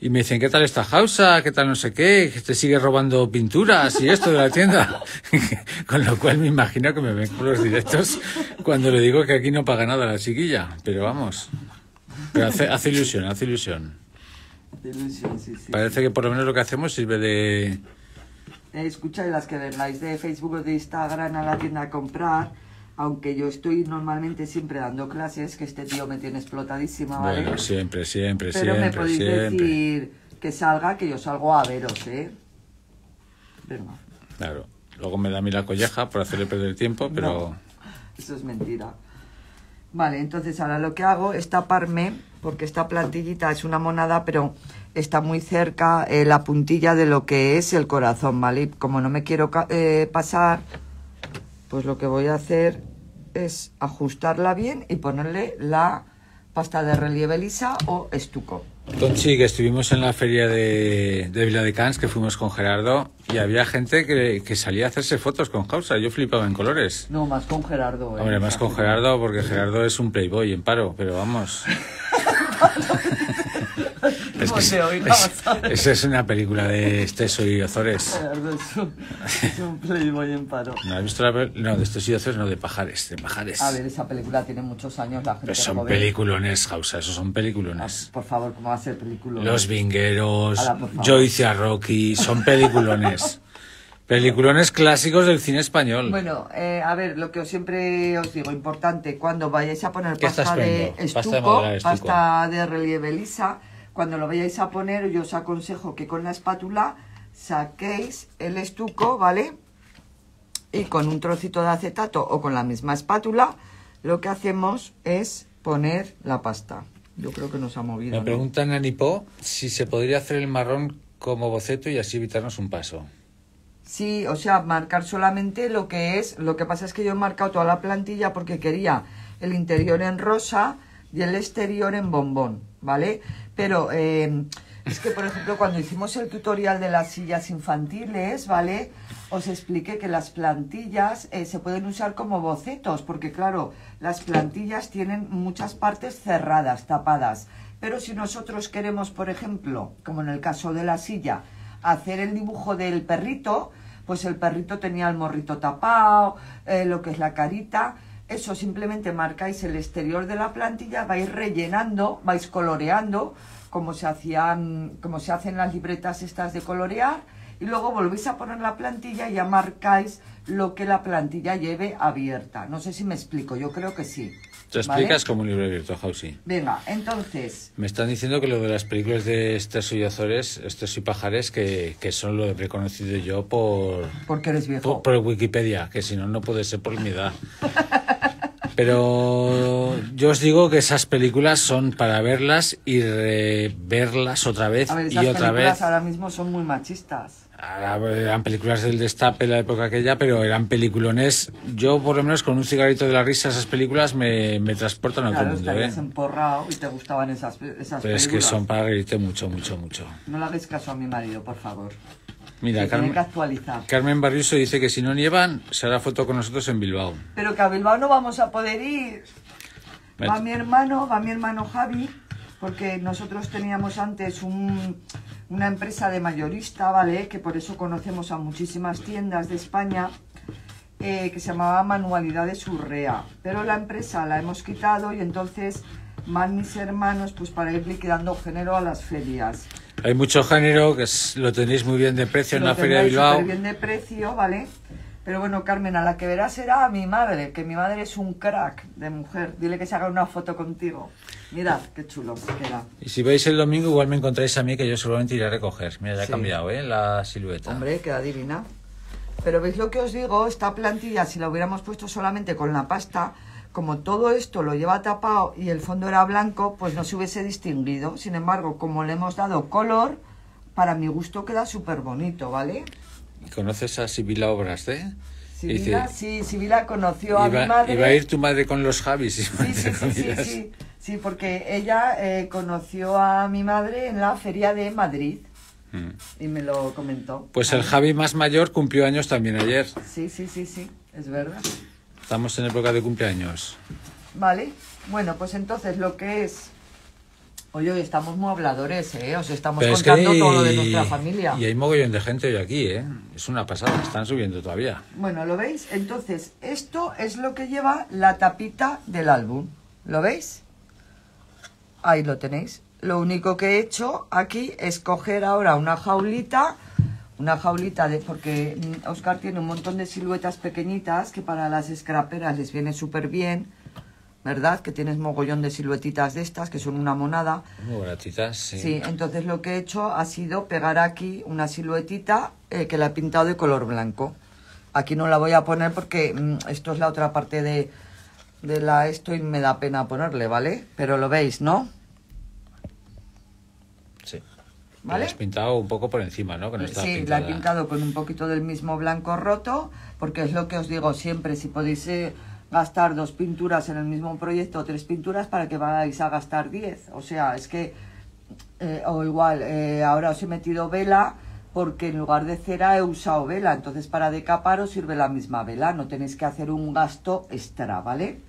y me dicen, ¿qué tal esta hausa? ¿Qué tal no sé qué? ¿Te sigue robando pinturas y esto de la tienda? Con lo cual me imagino que me ven por los directos cuando le digo que aquí no paga nada la chiquilla. Pero vamos, hace, ilusión, hace ilusión. Parece que por lo menos lo que hacemos sirve de... Eh, Escuchad las que vengáis de Facebook o de Instagram a la tienda a comprar aunque yo estoy normalmente siempre dando clases, que este tío me tiene explotadísima, ¿vale? Bueno, siempre, siempre, Pero siempre, me podéis decir que salga, que yo salgo a veros, ¿eh? Pero Claro. Luego me da a mí la colleja por hacerle perder tiempo, pero... eso es mentira. Vale, entonces ahora lo que hago es taparme, porque esta plantillita es una monada, pero está muy cerca eh, la puntilla de lo que es el corazón, ¿vale? Y como no me quiero eh, pasar, pues lo que voy a hacer es ajustarla bien y ponerle la pasta de relieve lisa o estuco. Tonchi, que estuvimos en la feria de, de de Cans, que fuimos con Gerardo, y había gente que, salía a hacerse fotos con Causa. Yo flipaba en colores. No, más con Gerardo. ¿eh? Hombre, más con Gerardo, porque Gerardo es un playboy en paro, pero vamos. Pues esa es una película de Esteso y Ozores. un playboy en ¿No No, de Esteso y no, de Pajares, A ver, esa película tiene muchos años, la gente pues son peliculones, Jausa, esos son peliculones. Ah, por favor, ¿cómo va a ser peliculones? Los Vingueros, Yo hice a Rocky, son peliculones. Peliculones clásicos del cine español. Bueno, eh, a ver, lo que siempre os digo, importante, cuando vayáis a poner pasta de, pasta de relieve lisa, cuando lo vayáis a poner, yo os aconsejo que con la espátula saquéis el estuco, ¿vale? Y con un trocito de acetato o con la misma espátula, lo que hacemos es poner la pasta. Yo creo que nos ha movido. Me ¿eh? preguntan a nipo si se podría hacer el marrón como boceto y así evitarnos un paso. Sí, o sea, marcar solamente lo que es. Lo que pasa es que yo he marcado toda la plantilla porque quería el interior en rosa y el exterior en bombón, ¿vale? pero em, es que, por ejemplo, cuando hicimos el tutorial de las sillas infantiles, ¿vale? Os expliqué que las plantillas eh, se pueden usar como bocetos, porque claro, las plantillas tienen muchas partes cerradas, tapadas. Pero si nosotros queremos, por ejemplo, como en el caso de la silla, hacer el dibujo del perrito, pues el perrito tenía el morrito tapado, eh, lo que es la carita, eso simplemente marcáis el exterior de la plantilla, vais rellenando, vais coloreando, como se, hacían, como se hacen las libretas estas de colorear, y luego volvéis a poner la plantilla y ya marcáis lo que la plantilla lleve abierta. No sé si me explico, yo creo que sí. Te explicas como un libro abierto, Venga, entonces... Me están diciendo que lo de las películas de Estos y Azores, Estos y Pajares, que, que son lo he reconocido yo por... Porque eres viejo. por Wikipedia, que si no, no puede ser por mi edad. Pero yo os digo que esas películas son para verlas y verlas otra vez ver, y otra películas Ahora mismo son muy machistas. Eh, eran películas del destape la época aquella, pero eran peliculones. Yo, por lo menos, con un cigarrito de la risa, esas películas me, me transportan a otro mundo. ¿eh? emporrado y te gustaban esas, esas es que son para reírte mucho, mucho, mucho. No le hagáis caso a mi marido, por favor. Mira, Carmen, Barriuso dice que si no nievan, se hará foto con nosotros en Bilbao. Pero que a Bilbao no vamos a poder ir. Va mi hermano, va mi hermano Javi, porque nosotros teníamos antes una empresa de mayorista, ¿vale? Que por eso conocemos a muchísimas tiendas de España, eh, que se llamaba Manualidades Urrea. Pero la empresa la hemos quitado y entonces van mis hermanos pues para ir liquidando género a las ferias. Hay mucho género que lo tenéis muy bien de precio en la Feria de Bilbao. bien de precio, ¿vale? Pero bueno, Carmen, a la que verás será a mi madre, que mi madre es un crack de mujer. Dile que se haga una foto contigo. Mirad, qué chulo queda. Y si veis el domingo, igual me encontráis a mí, que yo solamente iré a recoger. Mira, ya ha cambiado, ¿eh? La silueta. Hombre, queda divina. Pero veis lo que os digo, esta plantilla, si la hubiéramos puesto solamente con la pasta, como todo esto lo lleva tapado y el fondo era blanco, pues no se hubiese distinguido. Sin embargo, como le hemos dado color, para mi gusto queda súper bonito, ¿vale? ¿Conoces a Sibila Obras de...? Eh? Sibila, sí, Sibila conoció a mi madre. Iba a ir tu madre con los Javis. Sí, sí, sí, sí, sí, porque ella eh, conoció a mi madre en la feria de Madrid. Mm. Y me lo comentó. Pues el Javi más mayor cumplió años también ayer. Sí, sí, sí, sí, es verdad. Estamos en época de cumpleaños. Vale. Bueno, pues entonces lo que es. hoy hoy estamos muy habladores, ¿eh? Os estamos contando todo lo de nuestra familia. Y hay mogollón de gente hoy aquí, ¿eh? Es una pasada, están subiendo todavía. Bueno, ¿lo veis? Entonces, esto es lo que lleva la tapita del álbum. ¿Lo veis? Ahí lo tenéis. Lo único que he hecho aquí es coger ahora una jaulita una jaulita de porque Oscar mm, tiene un montón de siluetas pequeñitas que para las escraperas les viene súper bien ¿verdad? que tienes mogollón de siluetitas de estas que son una monada muy baratitas sí. sí entonces lo que he hecho ha sido pegar aquí una siluetita eh, que la he pintado de color blanco aquí no la voy a poner porque mm, esto es la otra parte de de la esto y me da pena ponerle ¿vale? pero lo veis ¿no? sí ¿Vale? has pintado un poco por encima, ¿no? Eh, sí, la he pintado con un poquito del mismo blanco roto, porque es lo que os digo siempre, si podéis eh, gastar dos pinturas en el mismo proyecto, o tres pinturas, para que vais a gastar diez. O sea, es que, eh, o igual, ahora os he metido vela, porque en lugar de cera he usado vela, entonces para decapar os sirve la misma vela, no tenéis que hacer un gasto extra, ¿vale?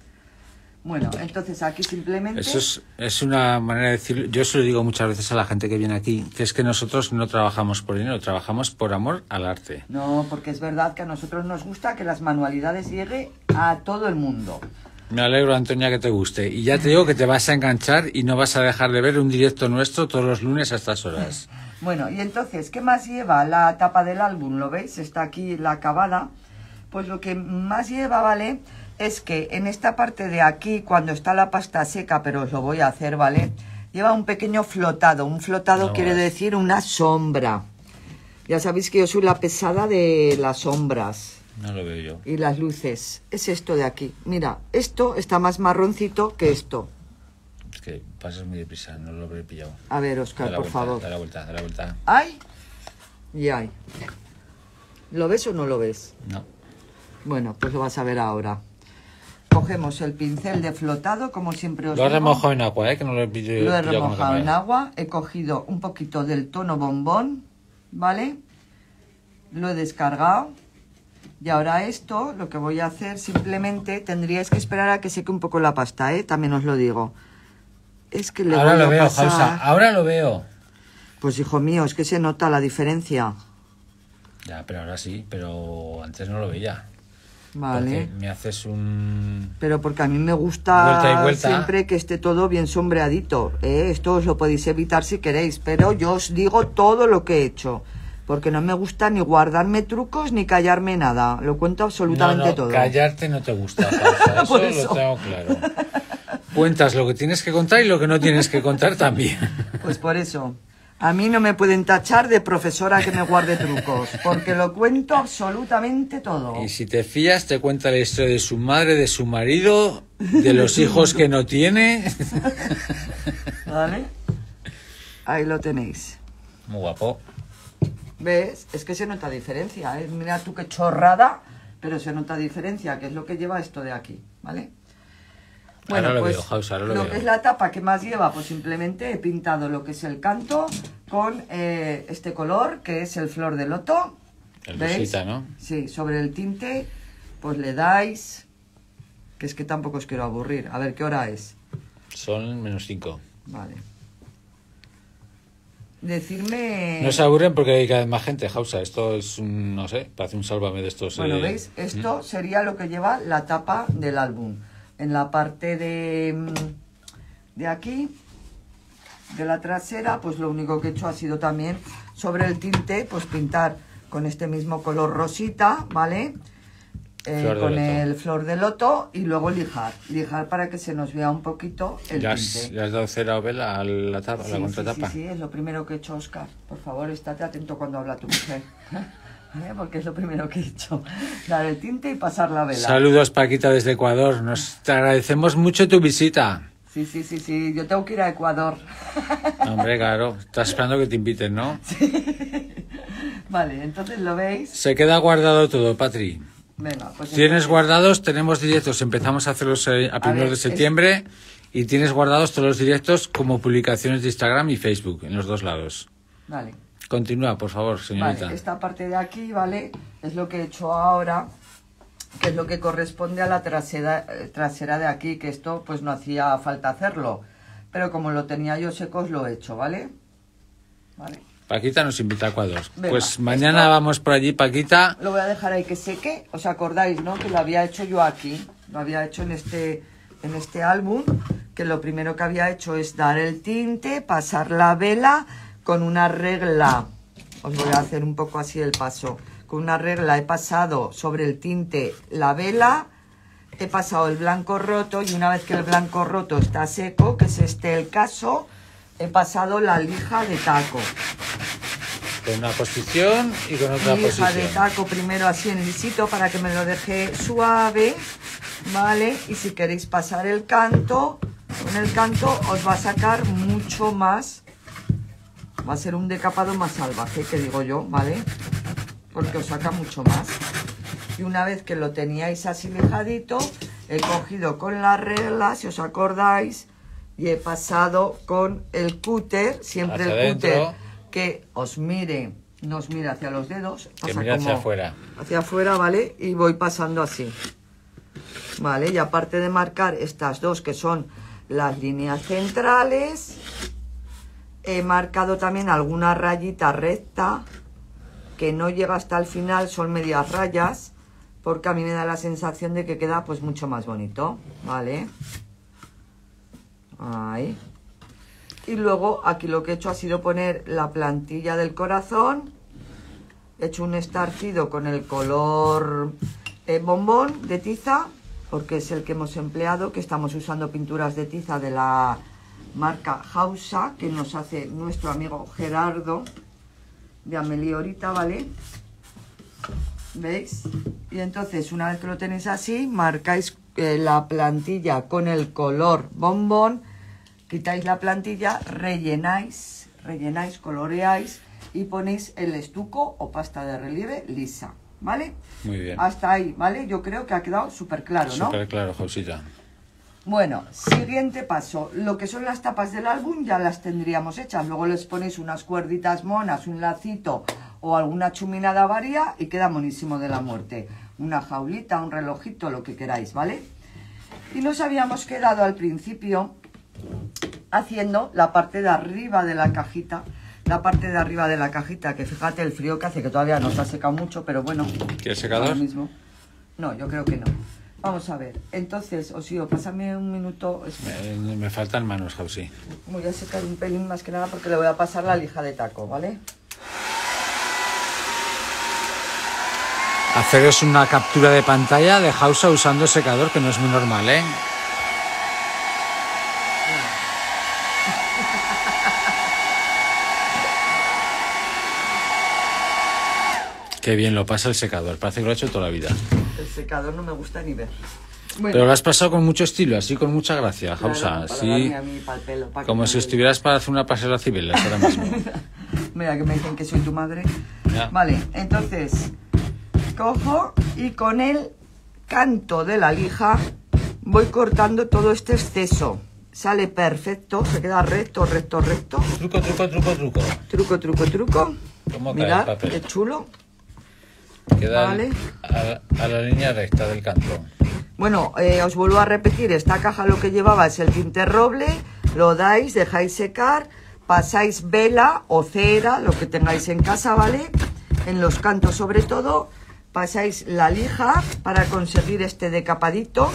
Bueno, entonces aquí simplemente... Eso es, una manera de decirlo. Yo se lo digo muchas veces a la gente que viene aquí, que es que nosotros no trabajamos por dinero, trabajamos por amor al arte. No, porque es verdad que a nosotros nos gusta que las manualidades lleguen a todo el mundo. Me alegro, Antonia, que te guste. Y ya te digo que te vas a enganchar y no vas a dejar de ver un directo nuestro todos los lunes a estas horas. Bueno, y entonces, ¿qué más lleva la tapa del álbum? ¿Lo veis? Está aquí la acabada. Pues lo que más lleva, ¿vale? es que en esta parte de aquí, cuando está la pasta seca, pero os lo voy a hacer, ¿vale? Lleva un pequeño flotado. Un flotado quiere decir una sombra. Ya sabéis que yo soy la pesada de las sombras. No lo veo yo. Y las luces. Es esto de aquí. Mira, esto está más marroncito que esto. Es que pasas muy deprisa, no lo habré pillado. A ver, Oscar, por favor. Da la vuelta, da la vuelta. ¡Ay! Y hay ¿Lo ves o no lo ves? No. Bueno, pues lo vas a ver ahora. Cogemos el pincel de flotado, como siempre os Lo he remojado en agua, ¿eh? que no lo he Lo he remojado en agua. He cogido un poquito del tono bombón, ¿vale? Lo he descargado. Y ahora esto, lo que voy a hacer simplemente, tendríais que esperar a que seque un poco la pasta, ¿eh? También os lo digo. Es que le Ahora lo veo, pasar... Ahora lo veo. Pues hijo mío, es que se nota la diferencia. Ya, pero ahora sí, pero antes no lo veía. Vale. me haces un. Pero porque a mí me gusta siempre que esté todo bien sombreadito. ¿eh? Esto os lo podéis evitar si queréis, pero yo os digo todo lo que he hecho. Porque no me gusta ni guardarme trucos ni callarme nada. Lo cuento absolutamente no, todo. Callarte no te gusta. eso lo tengo claro. Cuentas lo que tienes que contar y lo que no tienes que contar también. pues por eso. A mí no me pueden tachar de profesora que me guarde trucos, porque lo cuento absolutamente todo. Y si te fías, te cuenta la historia de su madre, de su marido, de los hijos que no tiene. ¿Vale? Ahí lo tenéis. Muy guapo. ¿Ves? Es que se nota diferencia. ¿eh? Mira tú qué chorrada, pero se nota diferencia, que es lo que lleva esto de aquí, ¿vale? Bueno, lo, pues, lo, que es la tapa que más lleva, pues simplemente he pintado lo que es el canto con eh, este color, que es el flor de loto. El rosita, ¿no? Sí, sobre el tinte, pues le dais, que es que tampoco os quiero aburrir. A ver, ¿qué hora es? Son menos cinco. Vale. Decirme... No se aburren porque hay cada vez más gente, Hausa. Esto es no sé, parece un sálvame de estos... Bueno, eh, ¿veis? Esto ¿Mm? sería lo que lleva la tapa del álbum en la parte de, mm, de aquí, de la trasera, pues lo único que he hecho ha sido también sobre el tinte, pues pintar con este mismo color rosita, ¿vale? Eh, con el flor de loto y luego lijar. Lijar para que se nos vea un poquito el tinte. Ya has dado cera o vela a la, tapa, la sí, sí, es lo primero que he hecho, Oscar. Por favor, estate atento cuando habla tu mujer. ¿Eh? porque es lo primero que he dicho. dar el tinte y pasar la vela. Saludos Paquita desde Ecuador, nos te agradecemos mucho tu visita. Sí, sí, sí, sí, yo tengo que ir a Ecuador. Hombre, claro, estás esperando que te inviten, ¿no? Sí. Vale, entonces lo veis. Se queda guardado todo, Patri. Venga, pues tienes guardados, tenemos directos, empezamos a hacerlos eh, a, primeros de septiembre y tienes guardados todos los directos como publicaciones de Instagram y Facebook, en los dos lados. Vale. Continúa, por favor, señorita. esta parte de aquí, ¿vale? Es lo que he hecho ahora, que es lo que corresponde a la trasera, eh, de aquí, que esto pues no hacía falta hacerlo. Pero como lo tenía yo seco, os lo he hecho, ¿vale? Paquita nos invita a cuadros. pues mañana vamos por allí, Paquita. Lo voy a dejar ahí que seque. ¿Os acordáis, no? Que lo había hecho yo aquí. Lo había hecho en este, en este álbum. Que lo primero que había hecho es dar el tinte, pasar la vela con una regla, os voy a hacer un poco así el paso, con una regla he pasado sobre el tinte la vela, he pasado el blanco roto y una vez que el blanco roto está seco, que es este el caso, he pasado la lija de taco. Con una posición y con otra posición. Lija de taco primero así en el lisito para que me lo deje suave, ¿vale? Y si queréis pasar el canto, con el canto os va a sacar mucho más Va a ser un decapado más salvaje, que digo yo, ¿vale? Porque os saca mucho más. Y una vez que lo teníais así lijadito, he cogido con las reglas si os acordáis, y he pasado con el cúter, siempre el cúter, que os mire, nos mire hacia los dedos. hacia afuera. Hacia afuera, ¿vale? Y voy pasando así. ¿Vale? Y aparte de marcar estas dos que son las líneas centrales, he marcado también alguna rayita recta que no llega hasta el final, son medias rayas, porque a mí me da la sensación de que queda pues mucho más bonito, ¿vale? Y luego aquí lo que he hecho ha sido poner la plantilla del corazón, he hecho un estarcido con el color eh, bombón de tiza, porque es el que hemos empleado, que estamos usando pinturas de tiza de la marca Hausa, que nos hace nuestro amigo Gerardo de Ameliorita, ¿vale? ¿Veis? Y entonces, una vez que lo tenéis así, marcáis eh, la plantilla con el color bombón, quitáis la plantilla, rellenáis, rellenáis, coloreáis y ponéis el estuco o pasta de relieve lisa, ¿vale? Muy bien. Hasta ahí, ¿vale? Yo creo que ha quedado súper claro, ¿no? claro, bueno, siguiente paso. Lo que son las tapas del álbum ya las tendríamos hechas. Luego les ponéis unas cuerditas monas, un lacito o alguna chuminada varía y queda monísimo de la muerte. Una jaulita, un relojito, lo que queráis, ¿vale? Y nos habíamos quedado al principio haciendo la parte de arriba de la cajita. La parte de arriba de la cajita, que fíjate el frío que hace, que todavía no se ha secado mucho, pero bueno. ¿Quieres secador? mismo. No, yo creo que no. Vamos a ver, entonces, Osío, pásame un minuto. Me, faltan manos, Jausi. Voy a secar un pelín más que nada porque le voy a pasar la lija de taco, ¿vale? Haceros una captura de pantalla de Hausa usando secador, que no es muy normal, ¿eh? Qué bien lo pasa el secador, parece que lo ha hecho toda la vida secador no me gusta ni ver. Pero lo has pasado con mucho estilo, así con mucha gracia, como si estuvieras para hacer una pasada civil ahora mismo. Mira, que me dicen que soy tu madre. Vale, entonces cojo y con el canto de la lija voy cortando todo este exceso. Sale perfecto, se queda recto, recto, recto. Truco, truco, truco, truco. Truco, truco, truco. qué chulo. Queda a, la línea recta del cantón. Bueno, eh, os vuelvo a repetir, esta caja lo que llevaba es el tinte roble, lo dais, dejáis secar, pasáis vela o cera, lo que tengáis en casa, ¿vale? En los cantos sobre todo, pasáis la lija para conseguir este decapadito.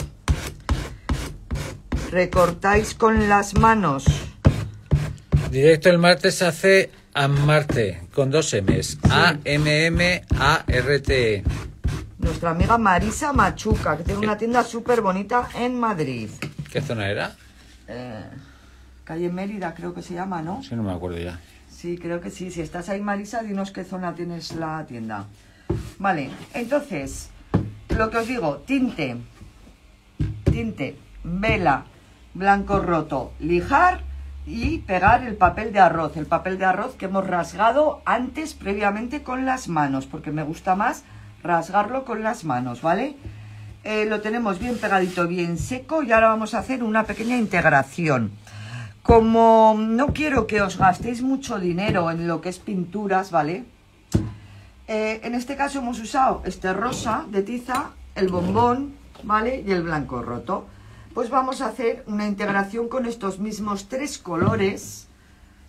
Recortáis con las manos. Directo el martes hace Amarte, con dos M's. A-M-M-A-R-T-E. Nuestra amiga Marisa Machuca, que tiene una tienda súper bonita en Madrid. ¿Qué zona era? Eh, calle Mérida, creo que se llama, ¿no? Sí, no me acuerdo ya. Sí, creo que sí. Si estás ahí, Marisa, dinos qué zona tienes la tienda. Vale, entonces, lo que os digo, tinte, tinte, vela, blanco roto, lijar y pegar el papel de arroz, el papel de arroz que hemos rasgado antes previamente con las manos, porque me gusta más rasgarlo con las manos, ¿vale? Eh, lo tenemos bien pegadito, bien seco y ahora vamos a hacer una pequeña integración. Como no quiero que os gastéis mucho dinero en lo que es pinturas, ¿vale? Eh, en este caso hemos usado este rosa de tiza, el bombón, ¿vale? Y el blanco roto pues vamos a hacer una integración con estos mismos tres colores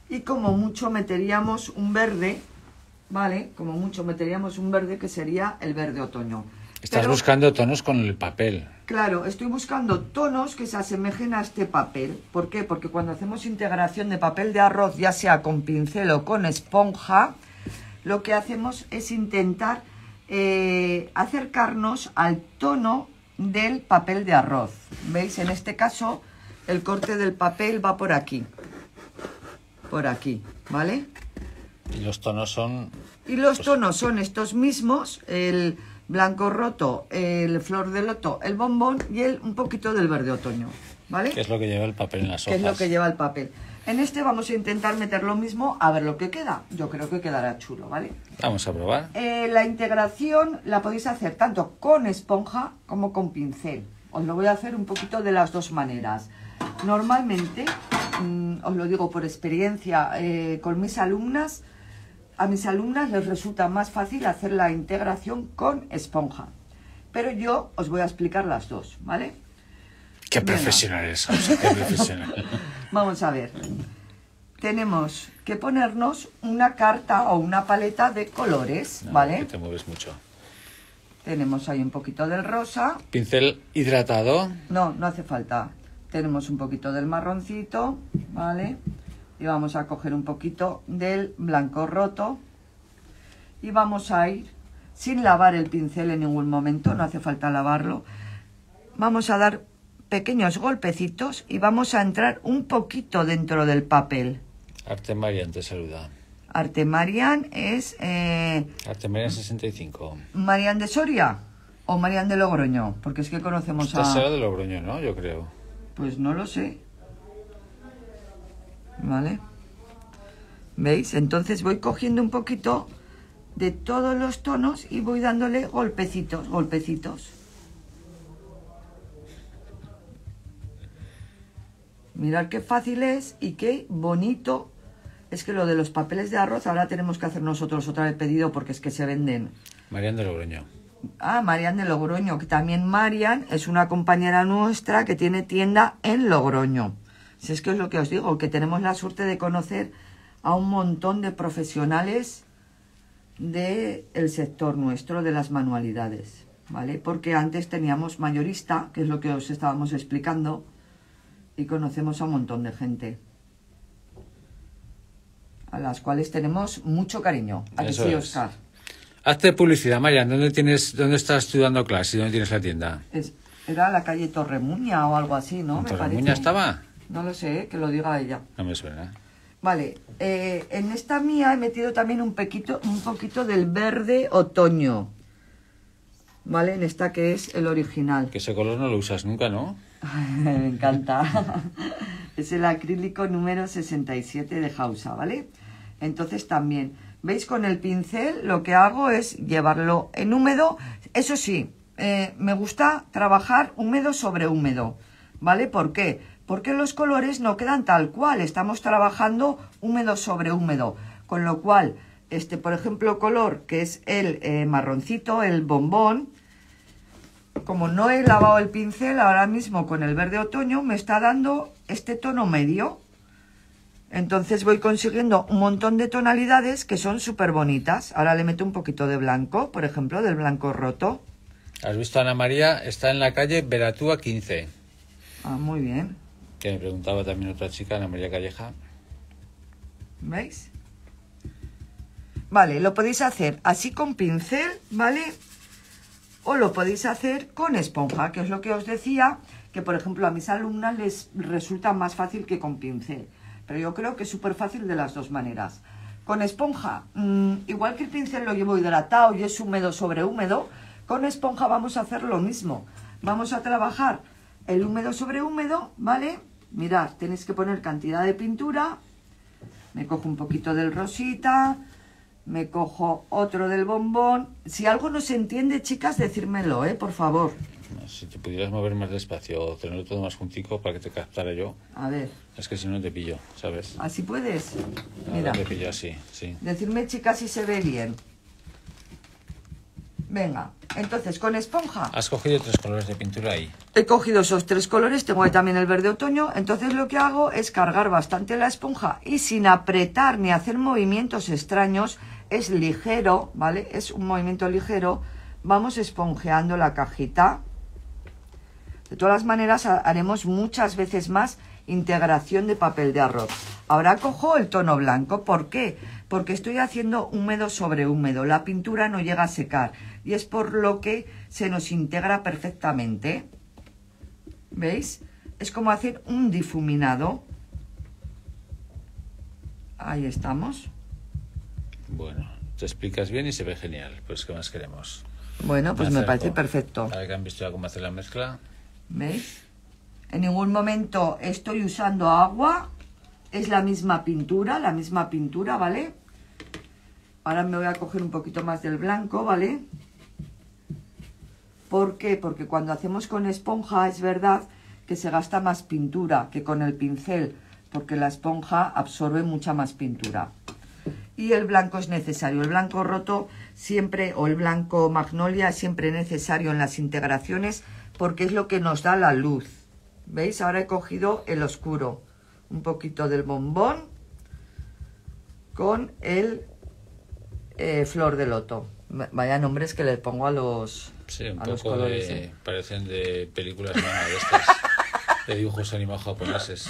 y como mucho meteríamos un verde, ¿vale? Como mucho meteríamos un verde que sería el verde otoño. Estás buscando tonos con el papel. Claro, estoy buscando tonos que se asemejen a este papel. ¿Por qué? Porque cuando hacemos integración de papel de arroz, ya sea con pincel o con esponja, lo que hacemos es intentar eh, acercarnos al tono del papel de arroz. ¿Veis? En este caso, el corte del papel va por aquí. Por aquí, ¿vale? Y los tonos son... Y los pues, tonos son estos mismos, el blanco roto, el flor de loto, el bombón y el, un poquito del verde otoño, ¿vale? es lo que lleva el papel en las hojas. Que es lo que lleva el papel. En este vamos a intentar meter lo mismo, a ver lo que queda. Yo creo que quedará chulo, ¿vale? Vamos a probar. Eh, la integración la podéis hacer tanto con esponja como con pincel. Os lo voy a hacer un poquito de las dos maneras. Normalmente, mm, os lo digo por experiencia, eh, con mis alumnas, a mis alumnas les resulta más fácil hacer la integración con esponja. Pero yo os voy a explicar las dos, ¿vale? Qué profesional es, Vamos a ver. Tenemos que ponernos una carta o una paleta de colores, ¿vale? Que te mueves mucho. Tenemos ahí un poquito del rosa. ¿Pincel hidratado? No, no hace falta. Tenemos un poquito del marroncito, ¿vale? Y vamos a coger un poquito del blanco roto. Y vamos a ir sin lavar el pincel en ningún momento, no hace falta lavarlo. Vamos a dar pequeños golpecitos y vamos a entrar un poquito dentro del papel. Artemarian te saluda. Artemarian es... Eh, Artemarian 65. ¿Marian de Soria o Marian de Logroño? Porque es que conocemos de Logroño, ¿no? Yo creo. Pues no lo sé. ¿Vale? ¿Veis? Entonces voy cogiendo un poquito de todos los tonos y voy dándole golpecitos, golpecitos. Mirad qué fácil es y qué bonito. Es que lo de los papeles de arroz ahora tenemos que hacer nosotros otra vez pedido porque es que se venden. Marian de Logroño. Ah, Marian de Logroño, que también Marian es una compañera nuestra que tiene tienda en Logroño. Si es que es lo que os digo, que tenemos la suerte de conocer a un montón de profesionales del sector nuestro, de las manualidades, ¿vale? Porque antes teníamos mayorista, que es lo que os estábamos explicando, y conocemos a un montón de gente a las cuales tenemos mucho cariño. A sí, Oscar. Hazte publicidad, Marian. ¿Dónde, tienes, ¿Dónde estás estudiando dando clase? ¿Dónde tienes la tienda? Es, era la calle Torremuña o algo así, ¿no? ¿Torremuña estaba? No lo sé, que lo diga ella. No me suena. Vale, eh, en esta mía he metido también un, pequito, un poquito del verde otoño. ¿Vale? En esta que es el original. Que ese color no lo usas nunca, ¿no? Me encanta. es el acrílico número 67 de Hausa, ¿vale? Entonces también, ¿veis? Con el pincel lo que hago es llevarlo en húmedo. Eso sí, eh, me gusta trabajar húmedo sobre húmedo, ¿vale? ¿Por qué? Porque los colores no quedan tal cual. Estamos trabajando húmedo sobre húmedo. Con lo cual, este, por ejemplo, color que es el eh, marroncito, el bombón, como no he lavado el pincel ahora mismo con el verde otoño, me está dando este tono medio. Entonces voy consiguiendo un montón de tonalidades que son súper bonitas. Ahora le meto un poquito de blanco, por ejemplo, del blanco roto. ¿Has visto Ana María? Está en la calle Veratúa 15. Ah, muy bien. Que me preguntaba también otra chica, Ana María Calleja. ¿Veis? Vale, lo podéis hacer así con pincel, ¿vale? o lo podéis hacer con esponja, que es lo que os decía, que por ejemplo a mis alumnas les resulta más fácil que con pincel. Pero yo creo que es súper fácil de las dos maneras. Con esponja, mm, igual que el pincel lo llevo hidratado y es húmedo sobre húmedo, con esponja vamos a hacer lo mismo. Vamos a trabajar el húmedo sobre húmedo, ¿vale? Mirad, tenéis que poner cantidad de pintura. Me cojo un poquito del rosita, me cojo otro del bombón. Si algo no se entiende, chicas, decírmelo, ¿eh? Por favor. Si te pudieras mover más despacio o tenerlo todo más juntico para que te captara yo. A ver. Es que si no te pillo, ¿sabes? Así puedes. Mira. Te pillo así, sí. Decirme, chicas, si se ve bien. Venga, entonces, con esponja. Has cogido tres colores de pintura ahí. He cogido esos tres colores, tengo ahí también el verde otoño. Entonces lo que hago es cargar bastante la esponja y sin apretar ni hacer movimientos extraños es ligero, ¿vale? Es un movimiento ligero. Vamos esponjeando la cajita. De todas las maneras, haremos muchas veces más integración de papel de arroz. Ahora cojo el tono blanco. ¿Por qué? Porque estoy haciendo húmedo sobre húmedo. La pintura no llega a secar. Y es por lo que se nos integra perfectamente. ¿Veis? Es como hacer un difuminado. Ahí estamos. Bueno, te explicas bien y se ve genial. Pues, ¿qué más queremos? Bueno, pues me, parece perfecto. A que han visto cómo hacer la mezcla. ¿Veis? En ningún momento estoy usando agua. Es la misma pintura, la misma pintura, ¿vale? Ahora me voy a coger un poquito más del blanco, ¿vale? ¿Por qué? Porque cuando hacemos con esponja es verdad que se gasta más pintura que con el pincel, porque la esponja absorbe mucha más pintura y el blanco es necesario. El blanco roto siempre, o el blanco magnolia, siempre necesario en las integraciones porque es lo que nos da la luz. ¿Veis? Ahora he cogido el oscuro, un poquito del bombón con el eh, flor de loto. Vaya nombres que le pongo a los, sí, un poco ¿eh? Parecen de películas de de dibujos animados japoneses,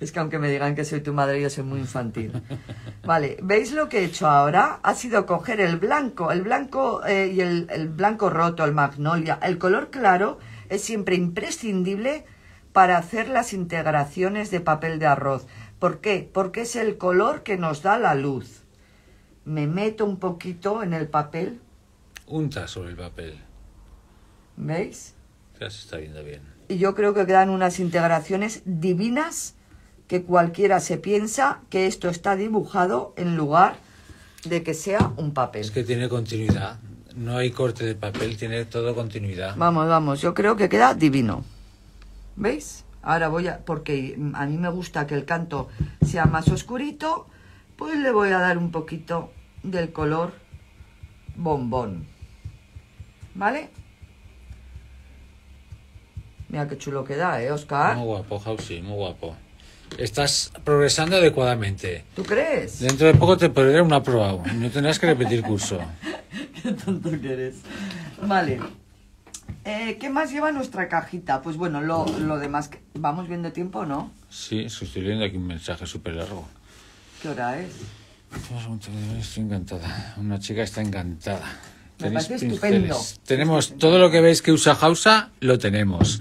es que aunque me digan que soy tu madre, yo soy muy infantil. Vale, ¿veis lo que he hecho ahora? Ha sido coger el blanco, el blanco eh, y el, el blanco roto, el magnolia. El color claro es siempre imprescindible para hacer las integraciones de papel de arroz. ¿Por qué? Porque es el color que nos da la luz. Me meto un poquito en el papel. Unta sobre el papel. ¿Veis? Ya se está viendo bien. Y yo creo que quedan unas integraciones divinas que cualquiera se piensa que esto está dibujado en lugar de que sea un papel. Es que tiene continuidad. No hay corte de papel, tiene todo continuidad. Vamos, vamos, yo creo que queda divino. ¿Veis? Ahora voy a... porque a mí me gusta que el canto sea más oscurito, pues le voy a dar un poquito del color bombón. ¿Vale? Mira qué chulo queda, ¿eh, Oscar? Muy guapo, sí, muy guapo estás progresando adecuadamente. ¿Tú crees? Dentro de poco te pondré una un aprobado. No tendrás que repetir curso. Qué tonto que eres. Vale. Eh, ¿Qué más lleva nuestra cajita? Pues bueno, lo, demás. ¿Vamos viendo tiempo no? Sí, estoy leyendo aquí un mensaje súper largo. ¿Qué hora es? Estoy encantada. Una chica está encantada. Me parece estupendo. Tenemos todo lo que veis que usa Hausa, lo tenemos.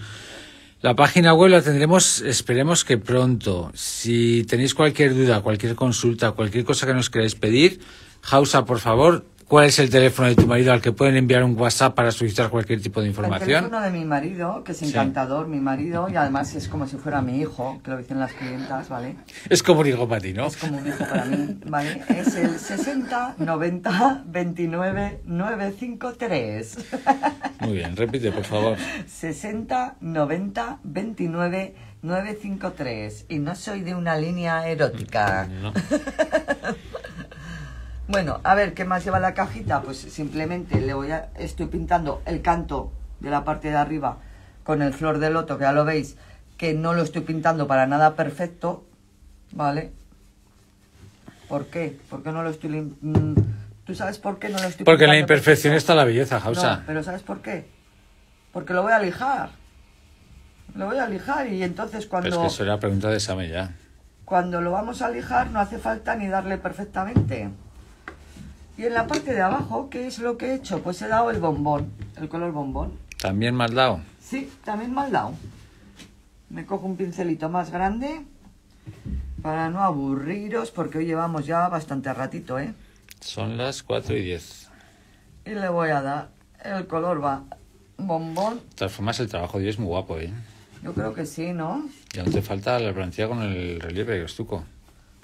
La página web la tendremos, esperemos que pronto. Si tenéis cualquier duda, cualquier consulta, cualquier cosa que nos queráis pedir, Hausa, por favor, ¿Cuál es el teléfono de tu marido al que pueden enviar un WhatsApp para solicitar cualquier tipo de información? El teléfono de mi marido, que es encantador, mi marido, y además es como si fuera mi hijo, que lo dicen las clientas, ¿vale? Es como un hijo para ti, ¿no? Es como un hijo para mí, ¿vale? Es el 60 90 29 953. Muy bien, repite, por favor. 60 90 29 953. Y no soy de una línea erótica. No. Bueno, a ver, ¿qué más lleva la cajita? Pues simplemente le voy a... Estoy pintando el canto de la parte de arriba con el flor de loto, que ya lo veis, que no lo estoy pintando para nada perfecto, ¿vale? ¿Por qué? ¿Por qué no lo estoy... Mm, ¿Tú sabes por qué no lo estoy Porque la imperfección está la belleza, Jausa. pero ¿sabes por qué? Porque lo voy a lijar. Lo voy a lijar y entonces cuando... es que eso era pregunta de Same ya. Cuando lo vamos a lijar no hace falta ni darle perfectamente. Y en la parte de abajo, ¿qué es lo que he hecho? Pues he dado el bombón, el color bombón. ¿También mal dado? Sí, también mal dado. Me cojo un pincelito más grande para no aburriros, porque hoy llevamos ya bastante ratito, ¿eh? Son las cuatro y diez. Y le voy a dar el color va bombón. Transformas el trabajo de es muy guapo, ¿eh? Yo creo que sí, ¿no? Y aún te falta la plantilla con el relieve de estuco.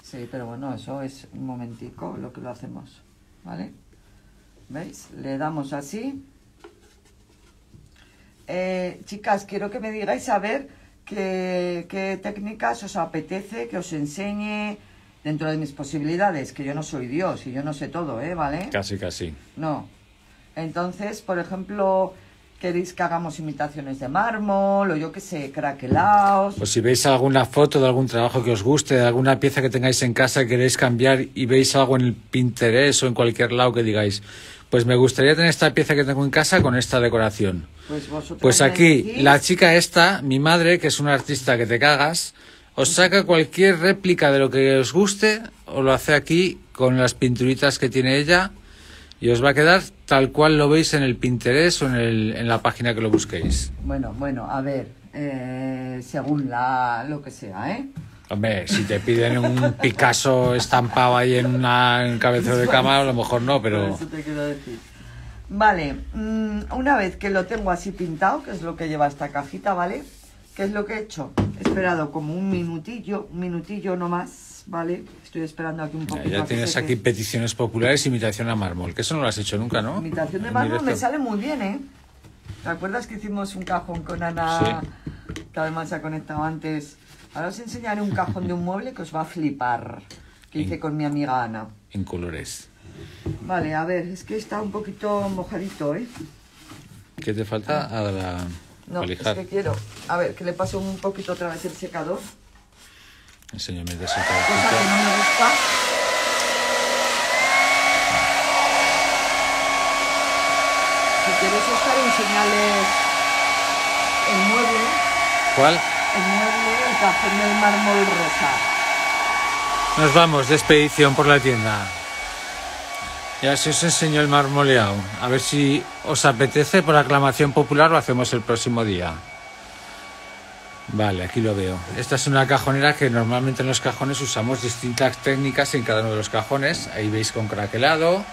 Sí, pero bueno, eso es un momentico lo que lo hacemos. ¿vale? ¿Veis? Le damos así. Eh, chicas, quiero que me digáis a ver qué, qué técnicas os apetece que os enseñe dentro de mis posibilidades, que yo no soy Dios y yo no sé todo, ¿eh? ¿Vale? Casi, casi. No. Entonces, por ejemplo, queréis que hagamos imitaciones de mármol o yo que sé, craquelaos. Pues si veis alguna foto de algún trabajo que os guste, de alguna pieza que tengáis en casa que queréis cambiar y veis algo en el Pinterest o en cualquier lado que digáis, pues me gustaría tener esta pieza que tengo en casa con esta decoración. Pues, pues aquí, la chica esta, mi madre, que es una artista que te cagas, os saca cualquier réplica de lo que os guste, o lo hace aquí con las pinturitas que tiene ella y os va a quedar tal cual lo veis en el Pinterest o en, en la página que lo busquéis. Bueno, bueno, a ver, eh, según la, lo que sea, ¿eh? Hombre, si te piden un Picasso estampado ahí en, una, en cabecero de cama, a lo mejor no, pero... Eso te quiero decir. Vale, mm, una vez que lo tengo así pintado, que es lo que lleva esta cajita, ¿vale? ¿Qué es lo que he hecho? He esperado como un minutillo, un minutillo no más, ¿vale? Estoy esperando aquí un poquito. Ya, tienes aquí peticiones populares, imitación a mármol, que eso no lo has hecho nunca, ¿no? Imitación de mármol me sale muy bien, ¿eh? ¿Te acuerdas que hicimos un cajón con Ana, sí. que además se ha conectado antes? Ahora os enseñaré un cajón de un mueble que os va a flipar, que hice con mi amiga Ana. En colores. Vale, a ver, es que está un poquito mojadito, ¿eh? ¿Qué te falta a ah, la... No, es que quiero... A ver, que le pase un poquito otra vez el secador. Enséñame de esa que Si queréis estar en el mueble. ¿Cuál? El mueble, el café del mármol rosa. Nos vamos de expedición por la tienda. Ya se os enseñó el marmoleado. A ver si os apetece por aclamación popular lo hacemos el próximo día. Vale, aquí lo veo. Esta es una cajonera que normalmente en los cajones usamos distintas técnicas en cada uno de los cajones. Ahí veis con craquelado.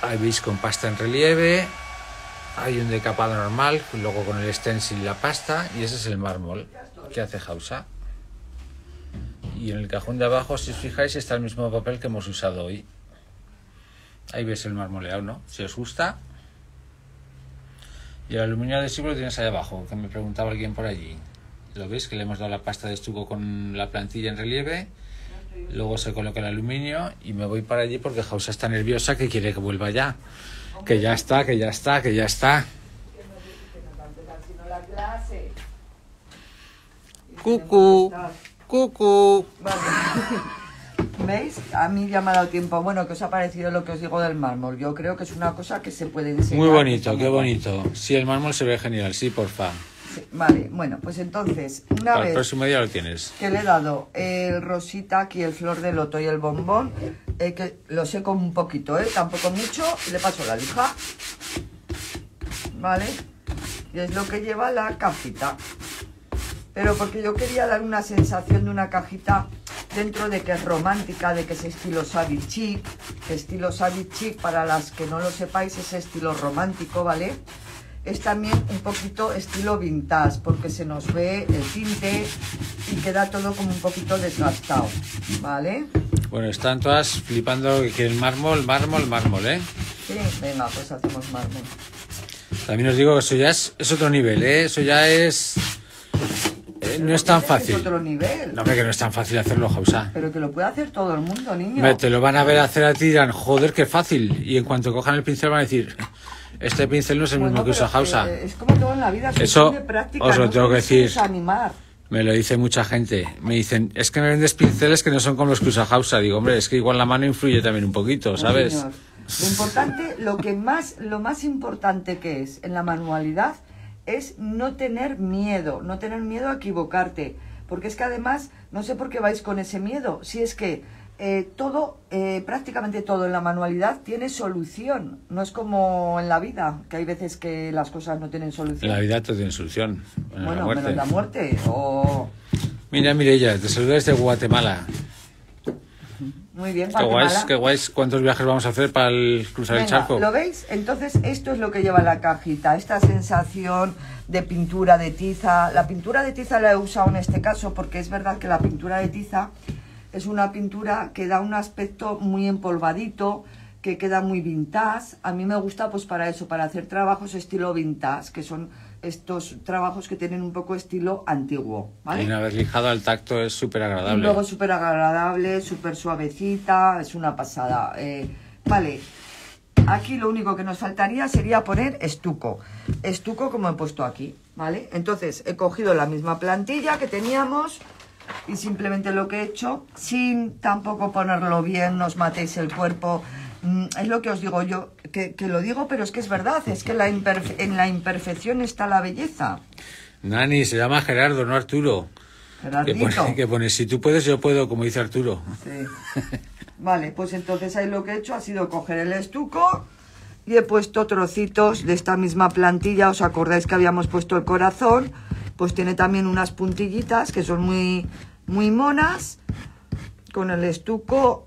Ahí veis con pasta en relieve. Hay un decapado normal, luego con el stencil y la pasta. Y ese es el mármol que hace Hausa. Y en el cajón de abajo, si os fijáis, está el mismo papel que hemos usado hoy. Ahí veis el marmoleado, ¿no? Si os gusta, y el aluminio estuco lo tienes ahí abajo, que me preguntaba alguien por allí. ¿Lo veis? Que le hemos dado la pasta de estuco con la plantilla en relieve. Luego se coloca el aluminio y me voy para allí porque Jausa está nerviosa que quiere que vuelva ya. Que ya está, que ya está, que ya está. Cucu, cucu. ¿Veis? A mí ya me ha dado tiempo. Bueno, ¿qué os ha parecido lo que os digo del mármol? Yo creo que es una cosa que se puede enseñar. Muy bonito, qué bonito. Sí, el mármol se ve genial, sí, porfa. Sí, vale, bueno, pues entonces, una vez. lo tienes. Que le he dado el rosita aquí, el flor de loto y el bombón, eh, que lo seco un poquito, ¿eh? Tampoco mucho, le paso la lija. ¿Vale? Y es lo que lleva la cajita. Pero porque yo quería dar una sensación de una cajita dentro de que es romántica, de que es estilo savvy chic. Estilo savvy chic, para las que no lo sepáis, es estilo romántico, ¿vale? Es también un poquito estilo vintage, porque se nos ve el tinte y queda todo como un poquito desgastado, ¿vale? Bueno, están todas flipando que el mármol, mármol, mármol, ¿eh? Sí, venga, pues hacemos mármol. También os digo que eso ya es, es otro nivel, ¿eh? Eso ya es no es tan fácil. No, que no es tan fácil hacerlo, Jausa. Pero que lo puede hacer todo el mundo, niño. te lo van a ver hacer a ti y dirán, joder, qué fácil. Y en cuanto cojan el pincel van a decir, este pincel no es el mismo que usa Jausa. Es como todo en la vida. Eso os lo tengo que decir. Me lo dice mucha gente. Me dicen, es que me vendes pinceles que no son como los que usa Hausa. Digo, hombre, es que igual la mano influye también un poquito, ¿sabes? lo importante, lo que más, lo más importante que es en la manualidad es no tener miedo, no tener miedo a equivocarte, porque es que además no sé por qué vais con ese miedo, si es que eh, todo, eh, prácticamente todo en la manualidad tiene solución. No es como en la vida, que hay veces que las cosas no tienen solución. La vida todo tiene solución. Bueno, menos la muerte. O... Mira, ella te saludas desde Guatemala. Muy bien, qué guays, qué ¿Cuántos viajes vamos a hacer para cruzar el charco? ¿Lo veis? Entonces, esto es lo que lleva la cajita. Esta sensación de pintura de tiza. La pintura de tiza la he usado en este caso porque es verdad que la pintura de tiza es una pintura que da un aspecto muy empolvadito, que queda muy vintage. A mí me gusta pues para eso, para hacer trabajos estilo vintage, que son estos trabajos que tienen un poco estilo antiguo, ¿vale? Y una vez lijado al tacto es súper agradable. luego súper agradable, súper suavecita, es una pasada. Eh, vale, aquí lo único que nos faltaría sería poner estuco. Estuco como he puesto aquí, ¿vale? Entonces he cogido la misma plantilla que teníamos y simplemente lo que he hecho, sin tampoco ponerlo bien, nos matéis el cuerpo Mm, es lo que os digo yo, que, lo digo, pero es que es verdad, es que en la imperfección está la belleza. Nani, se llama Gerardo, no Arturo. Que pone, si tú puedes, yo puedo, como dice Arturo. Sí. Vale, pues entonces ahí lo que he hecho ha sido coger el estuco y he puesto trocitos de esta misma plantilla. ¿Os acordáis que habíamos puesto el corazón? Pues tiene también unas puntillitas que son muy, muy monas. Con el estuco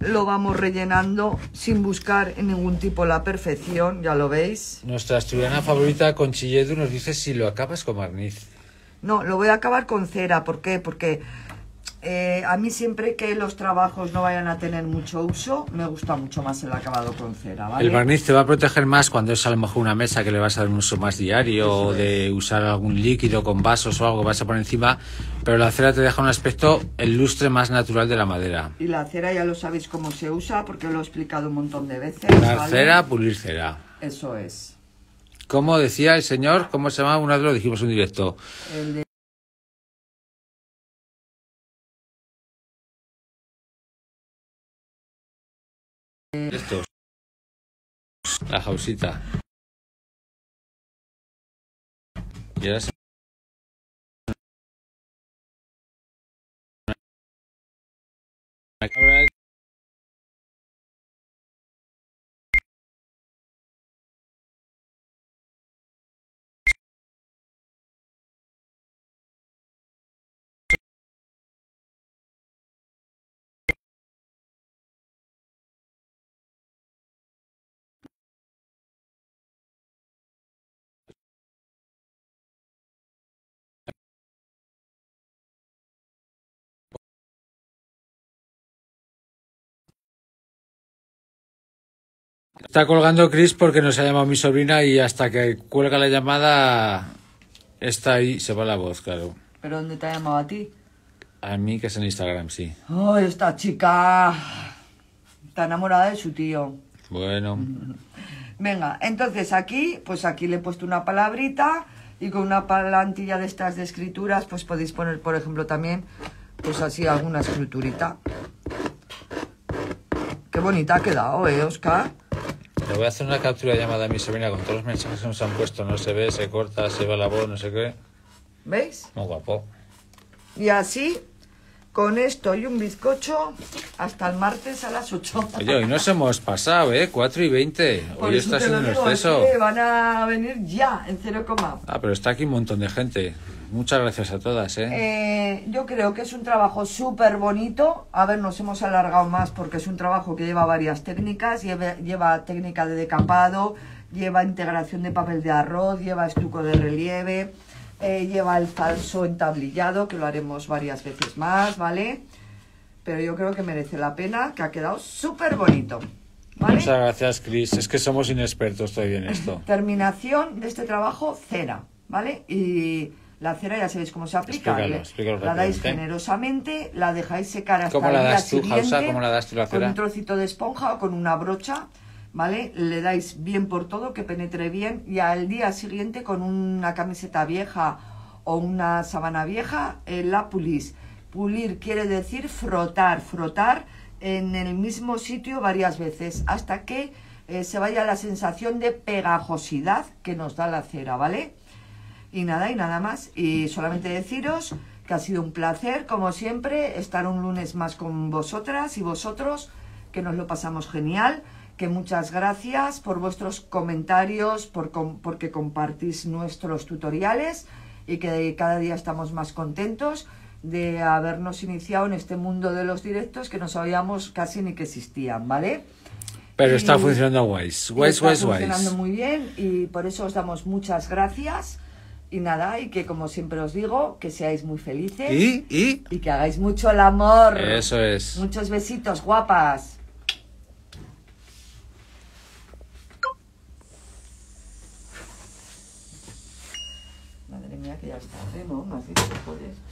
lo vamos rellenando sin buscar en ningún tipo la perfección, ya lo veis. Nuestra estudiante favorita, Conchilledu, nos dice si lo acabas con barniz. No, lo voy a acabar con cera. ¿Por qué? Porque eh, a mí siempre que los trabajos no vayan a tener mucho uso, me gusta mucho más el acabado con cera, El barniz te va a proteger más cuando es a lo mejor una mesa que le vas a dar un uso más diario o de usar algún líquido con vasos o algo que vas a poner encima, pero la cera te deja un aspecto, el lustre más natural de la madera. Y la cera ya lo sabéis cómo se usa porque lo he explicado un montón de veces. La cera, pulir cera. Eso es. Como decía el señor, ¿cómo se llama? Una vez lo dijimos en directo. El de La jausita. Y ahora se... Está colgando Chris porque nos ha llamado mi sobrina y hasta que cuelga la llamada está ahí, se va la voz, claro. ¿Pero dónde te ha llamado a ti? A mí, que es en Instagram, sí. ¡Ay, esta chica! Está enamorada de su tío. Bueno. Venga, entonces aquí, pues aquí le he puesto una palabrita y con una plantilla de estas de escrituras, pues podéis poner, por ejemplo, también, pues así alguna escriturita. Qué bonita ha quedado, ¿eh, Oscar? voy a hacer una captura llamada a mi sobrina con todos los mensajes que nos han puesto. No se ve, se corta, se va la voz, no sé qué. ¿Veis? Muy guapo. Y así, con esto y un bizcocho, hasta el martes a las 8. Oye, hoy nos hemos pasado, ¿eh? 4 y 20. hoy está siendo un exceso. van a venir ya, en 0, coma. Ah, pero está aquí un montón de gente. Muchas gracias a todas. ¿eh? ¿eh? yo creo que es un trabajo súper bonito. A ver, nos hemos alargado más porque es un trabajo que lleva varias técnicas. Lleva, lleva técnica de decapado, lleva integración de papel de arroz, lleva estuco de relieve, eh, lleva el falso entablillado, que lo haremos varias veces más, ¿vale? Pero yo creo que merece la pena, que ha quedado súper bonito. Muchas gracias, Cris. Es que somos inexpertos todavía en esto. Terminación de este trabajo, cera, ¿vale? Y la cera ya sabéis cómo se aplica. la dais generosamente, la dejáis secar hasta la el día das siguiente. la das Con un trocito de esponja o con una brocha, ¿vale? Le dais bien por todo, que penetre bien. Y al día siguiente con una camiseta vieja o una sabana vieja, eh, la pulís. Pulir quiere decir frotar, frotar en el mismo sitio varias veces hasta que eh, se vaya la sensación de pegajosidad que nos da la cera, ¿vale? Y nada, y nada más. Y solamente deciros que ha sido un placer, como siempre, estar un lunes más con vosotras y vosotros, que nos lo pasamos genial, que muchas gracias por vuestros comentarios, por porque compartís nuestros tutoriales y que cada día estamos más contentos de habernos iniciado en este mundo de los directos que no sabíamos casi ni que existían, ¿vale? Pero está funcionando guays, guays, guays, funcionando muy bien y por eso os damos muchas gracias y nada, y que como siempre os digo, que seáis muy felices. ¿Y? que hagáis mucho el amor. Eso es. Muchos besitos, guapas. Madre mía, que ya está. ¿eh? No, Así que joder.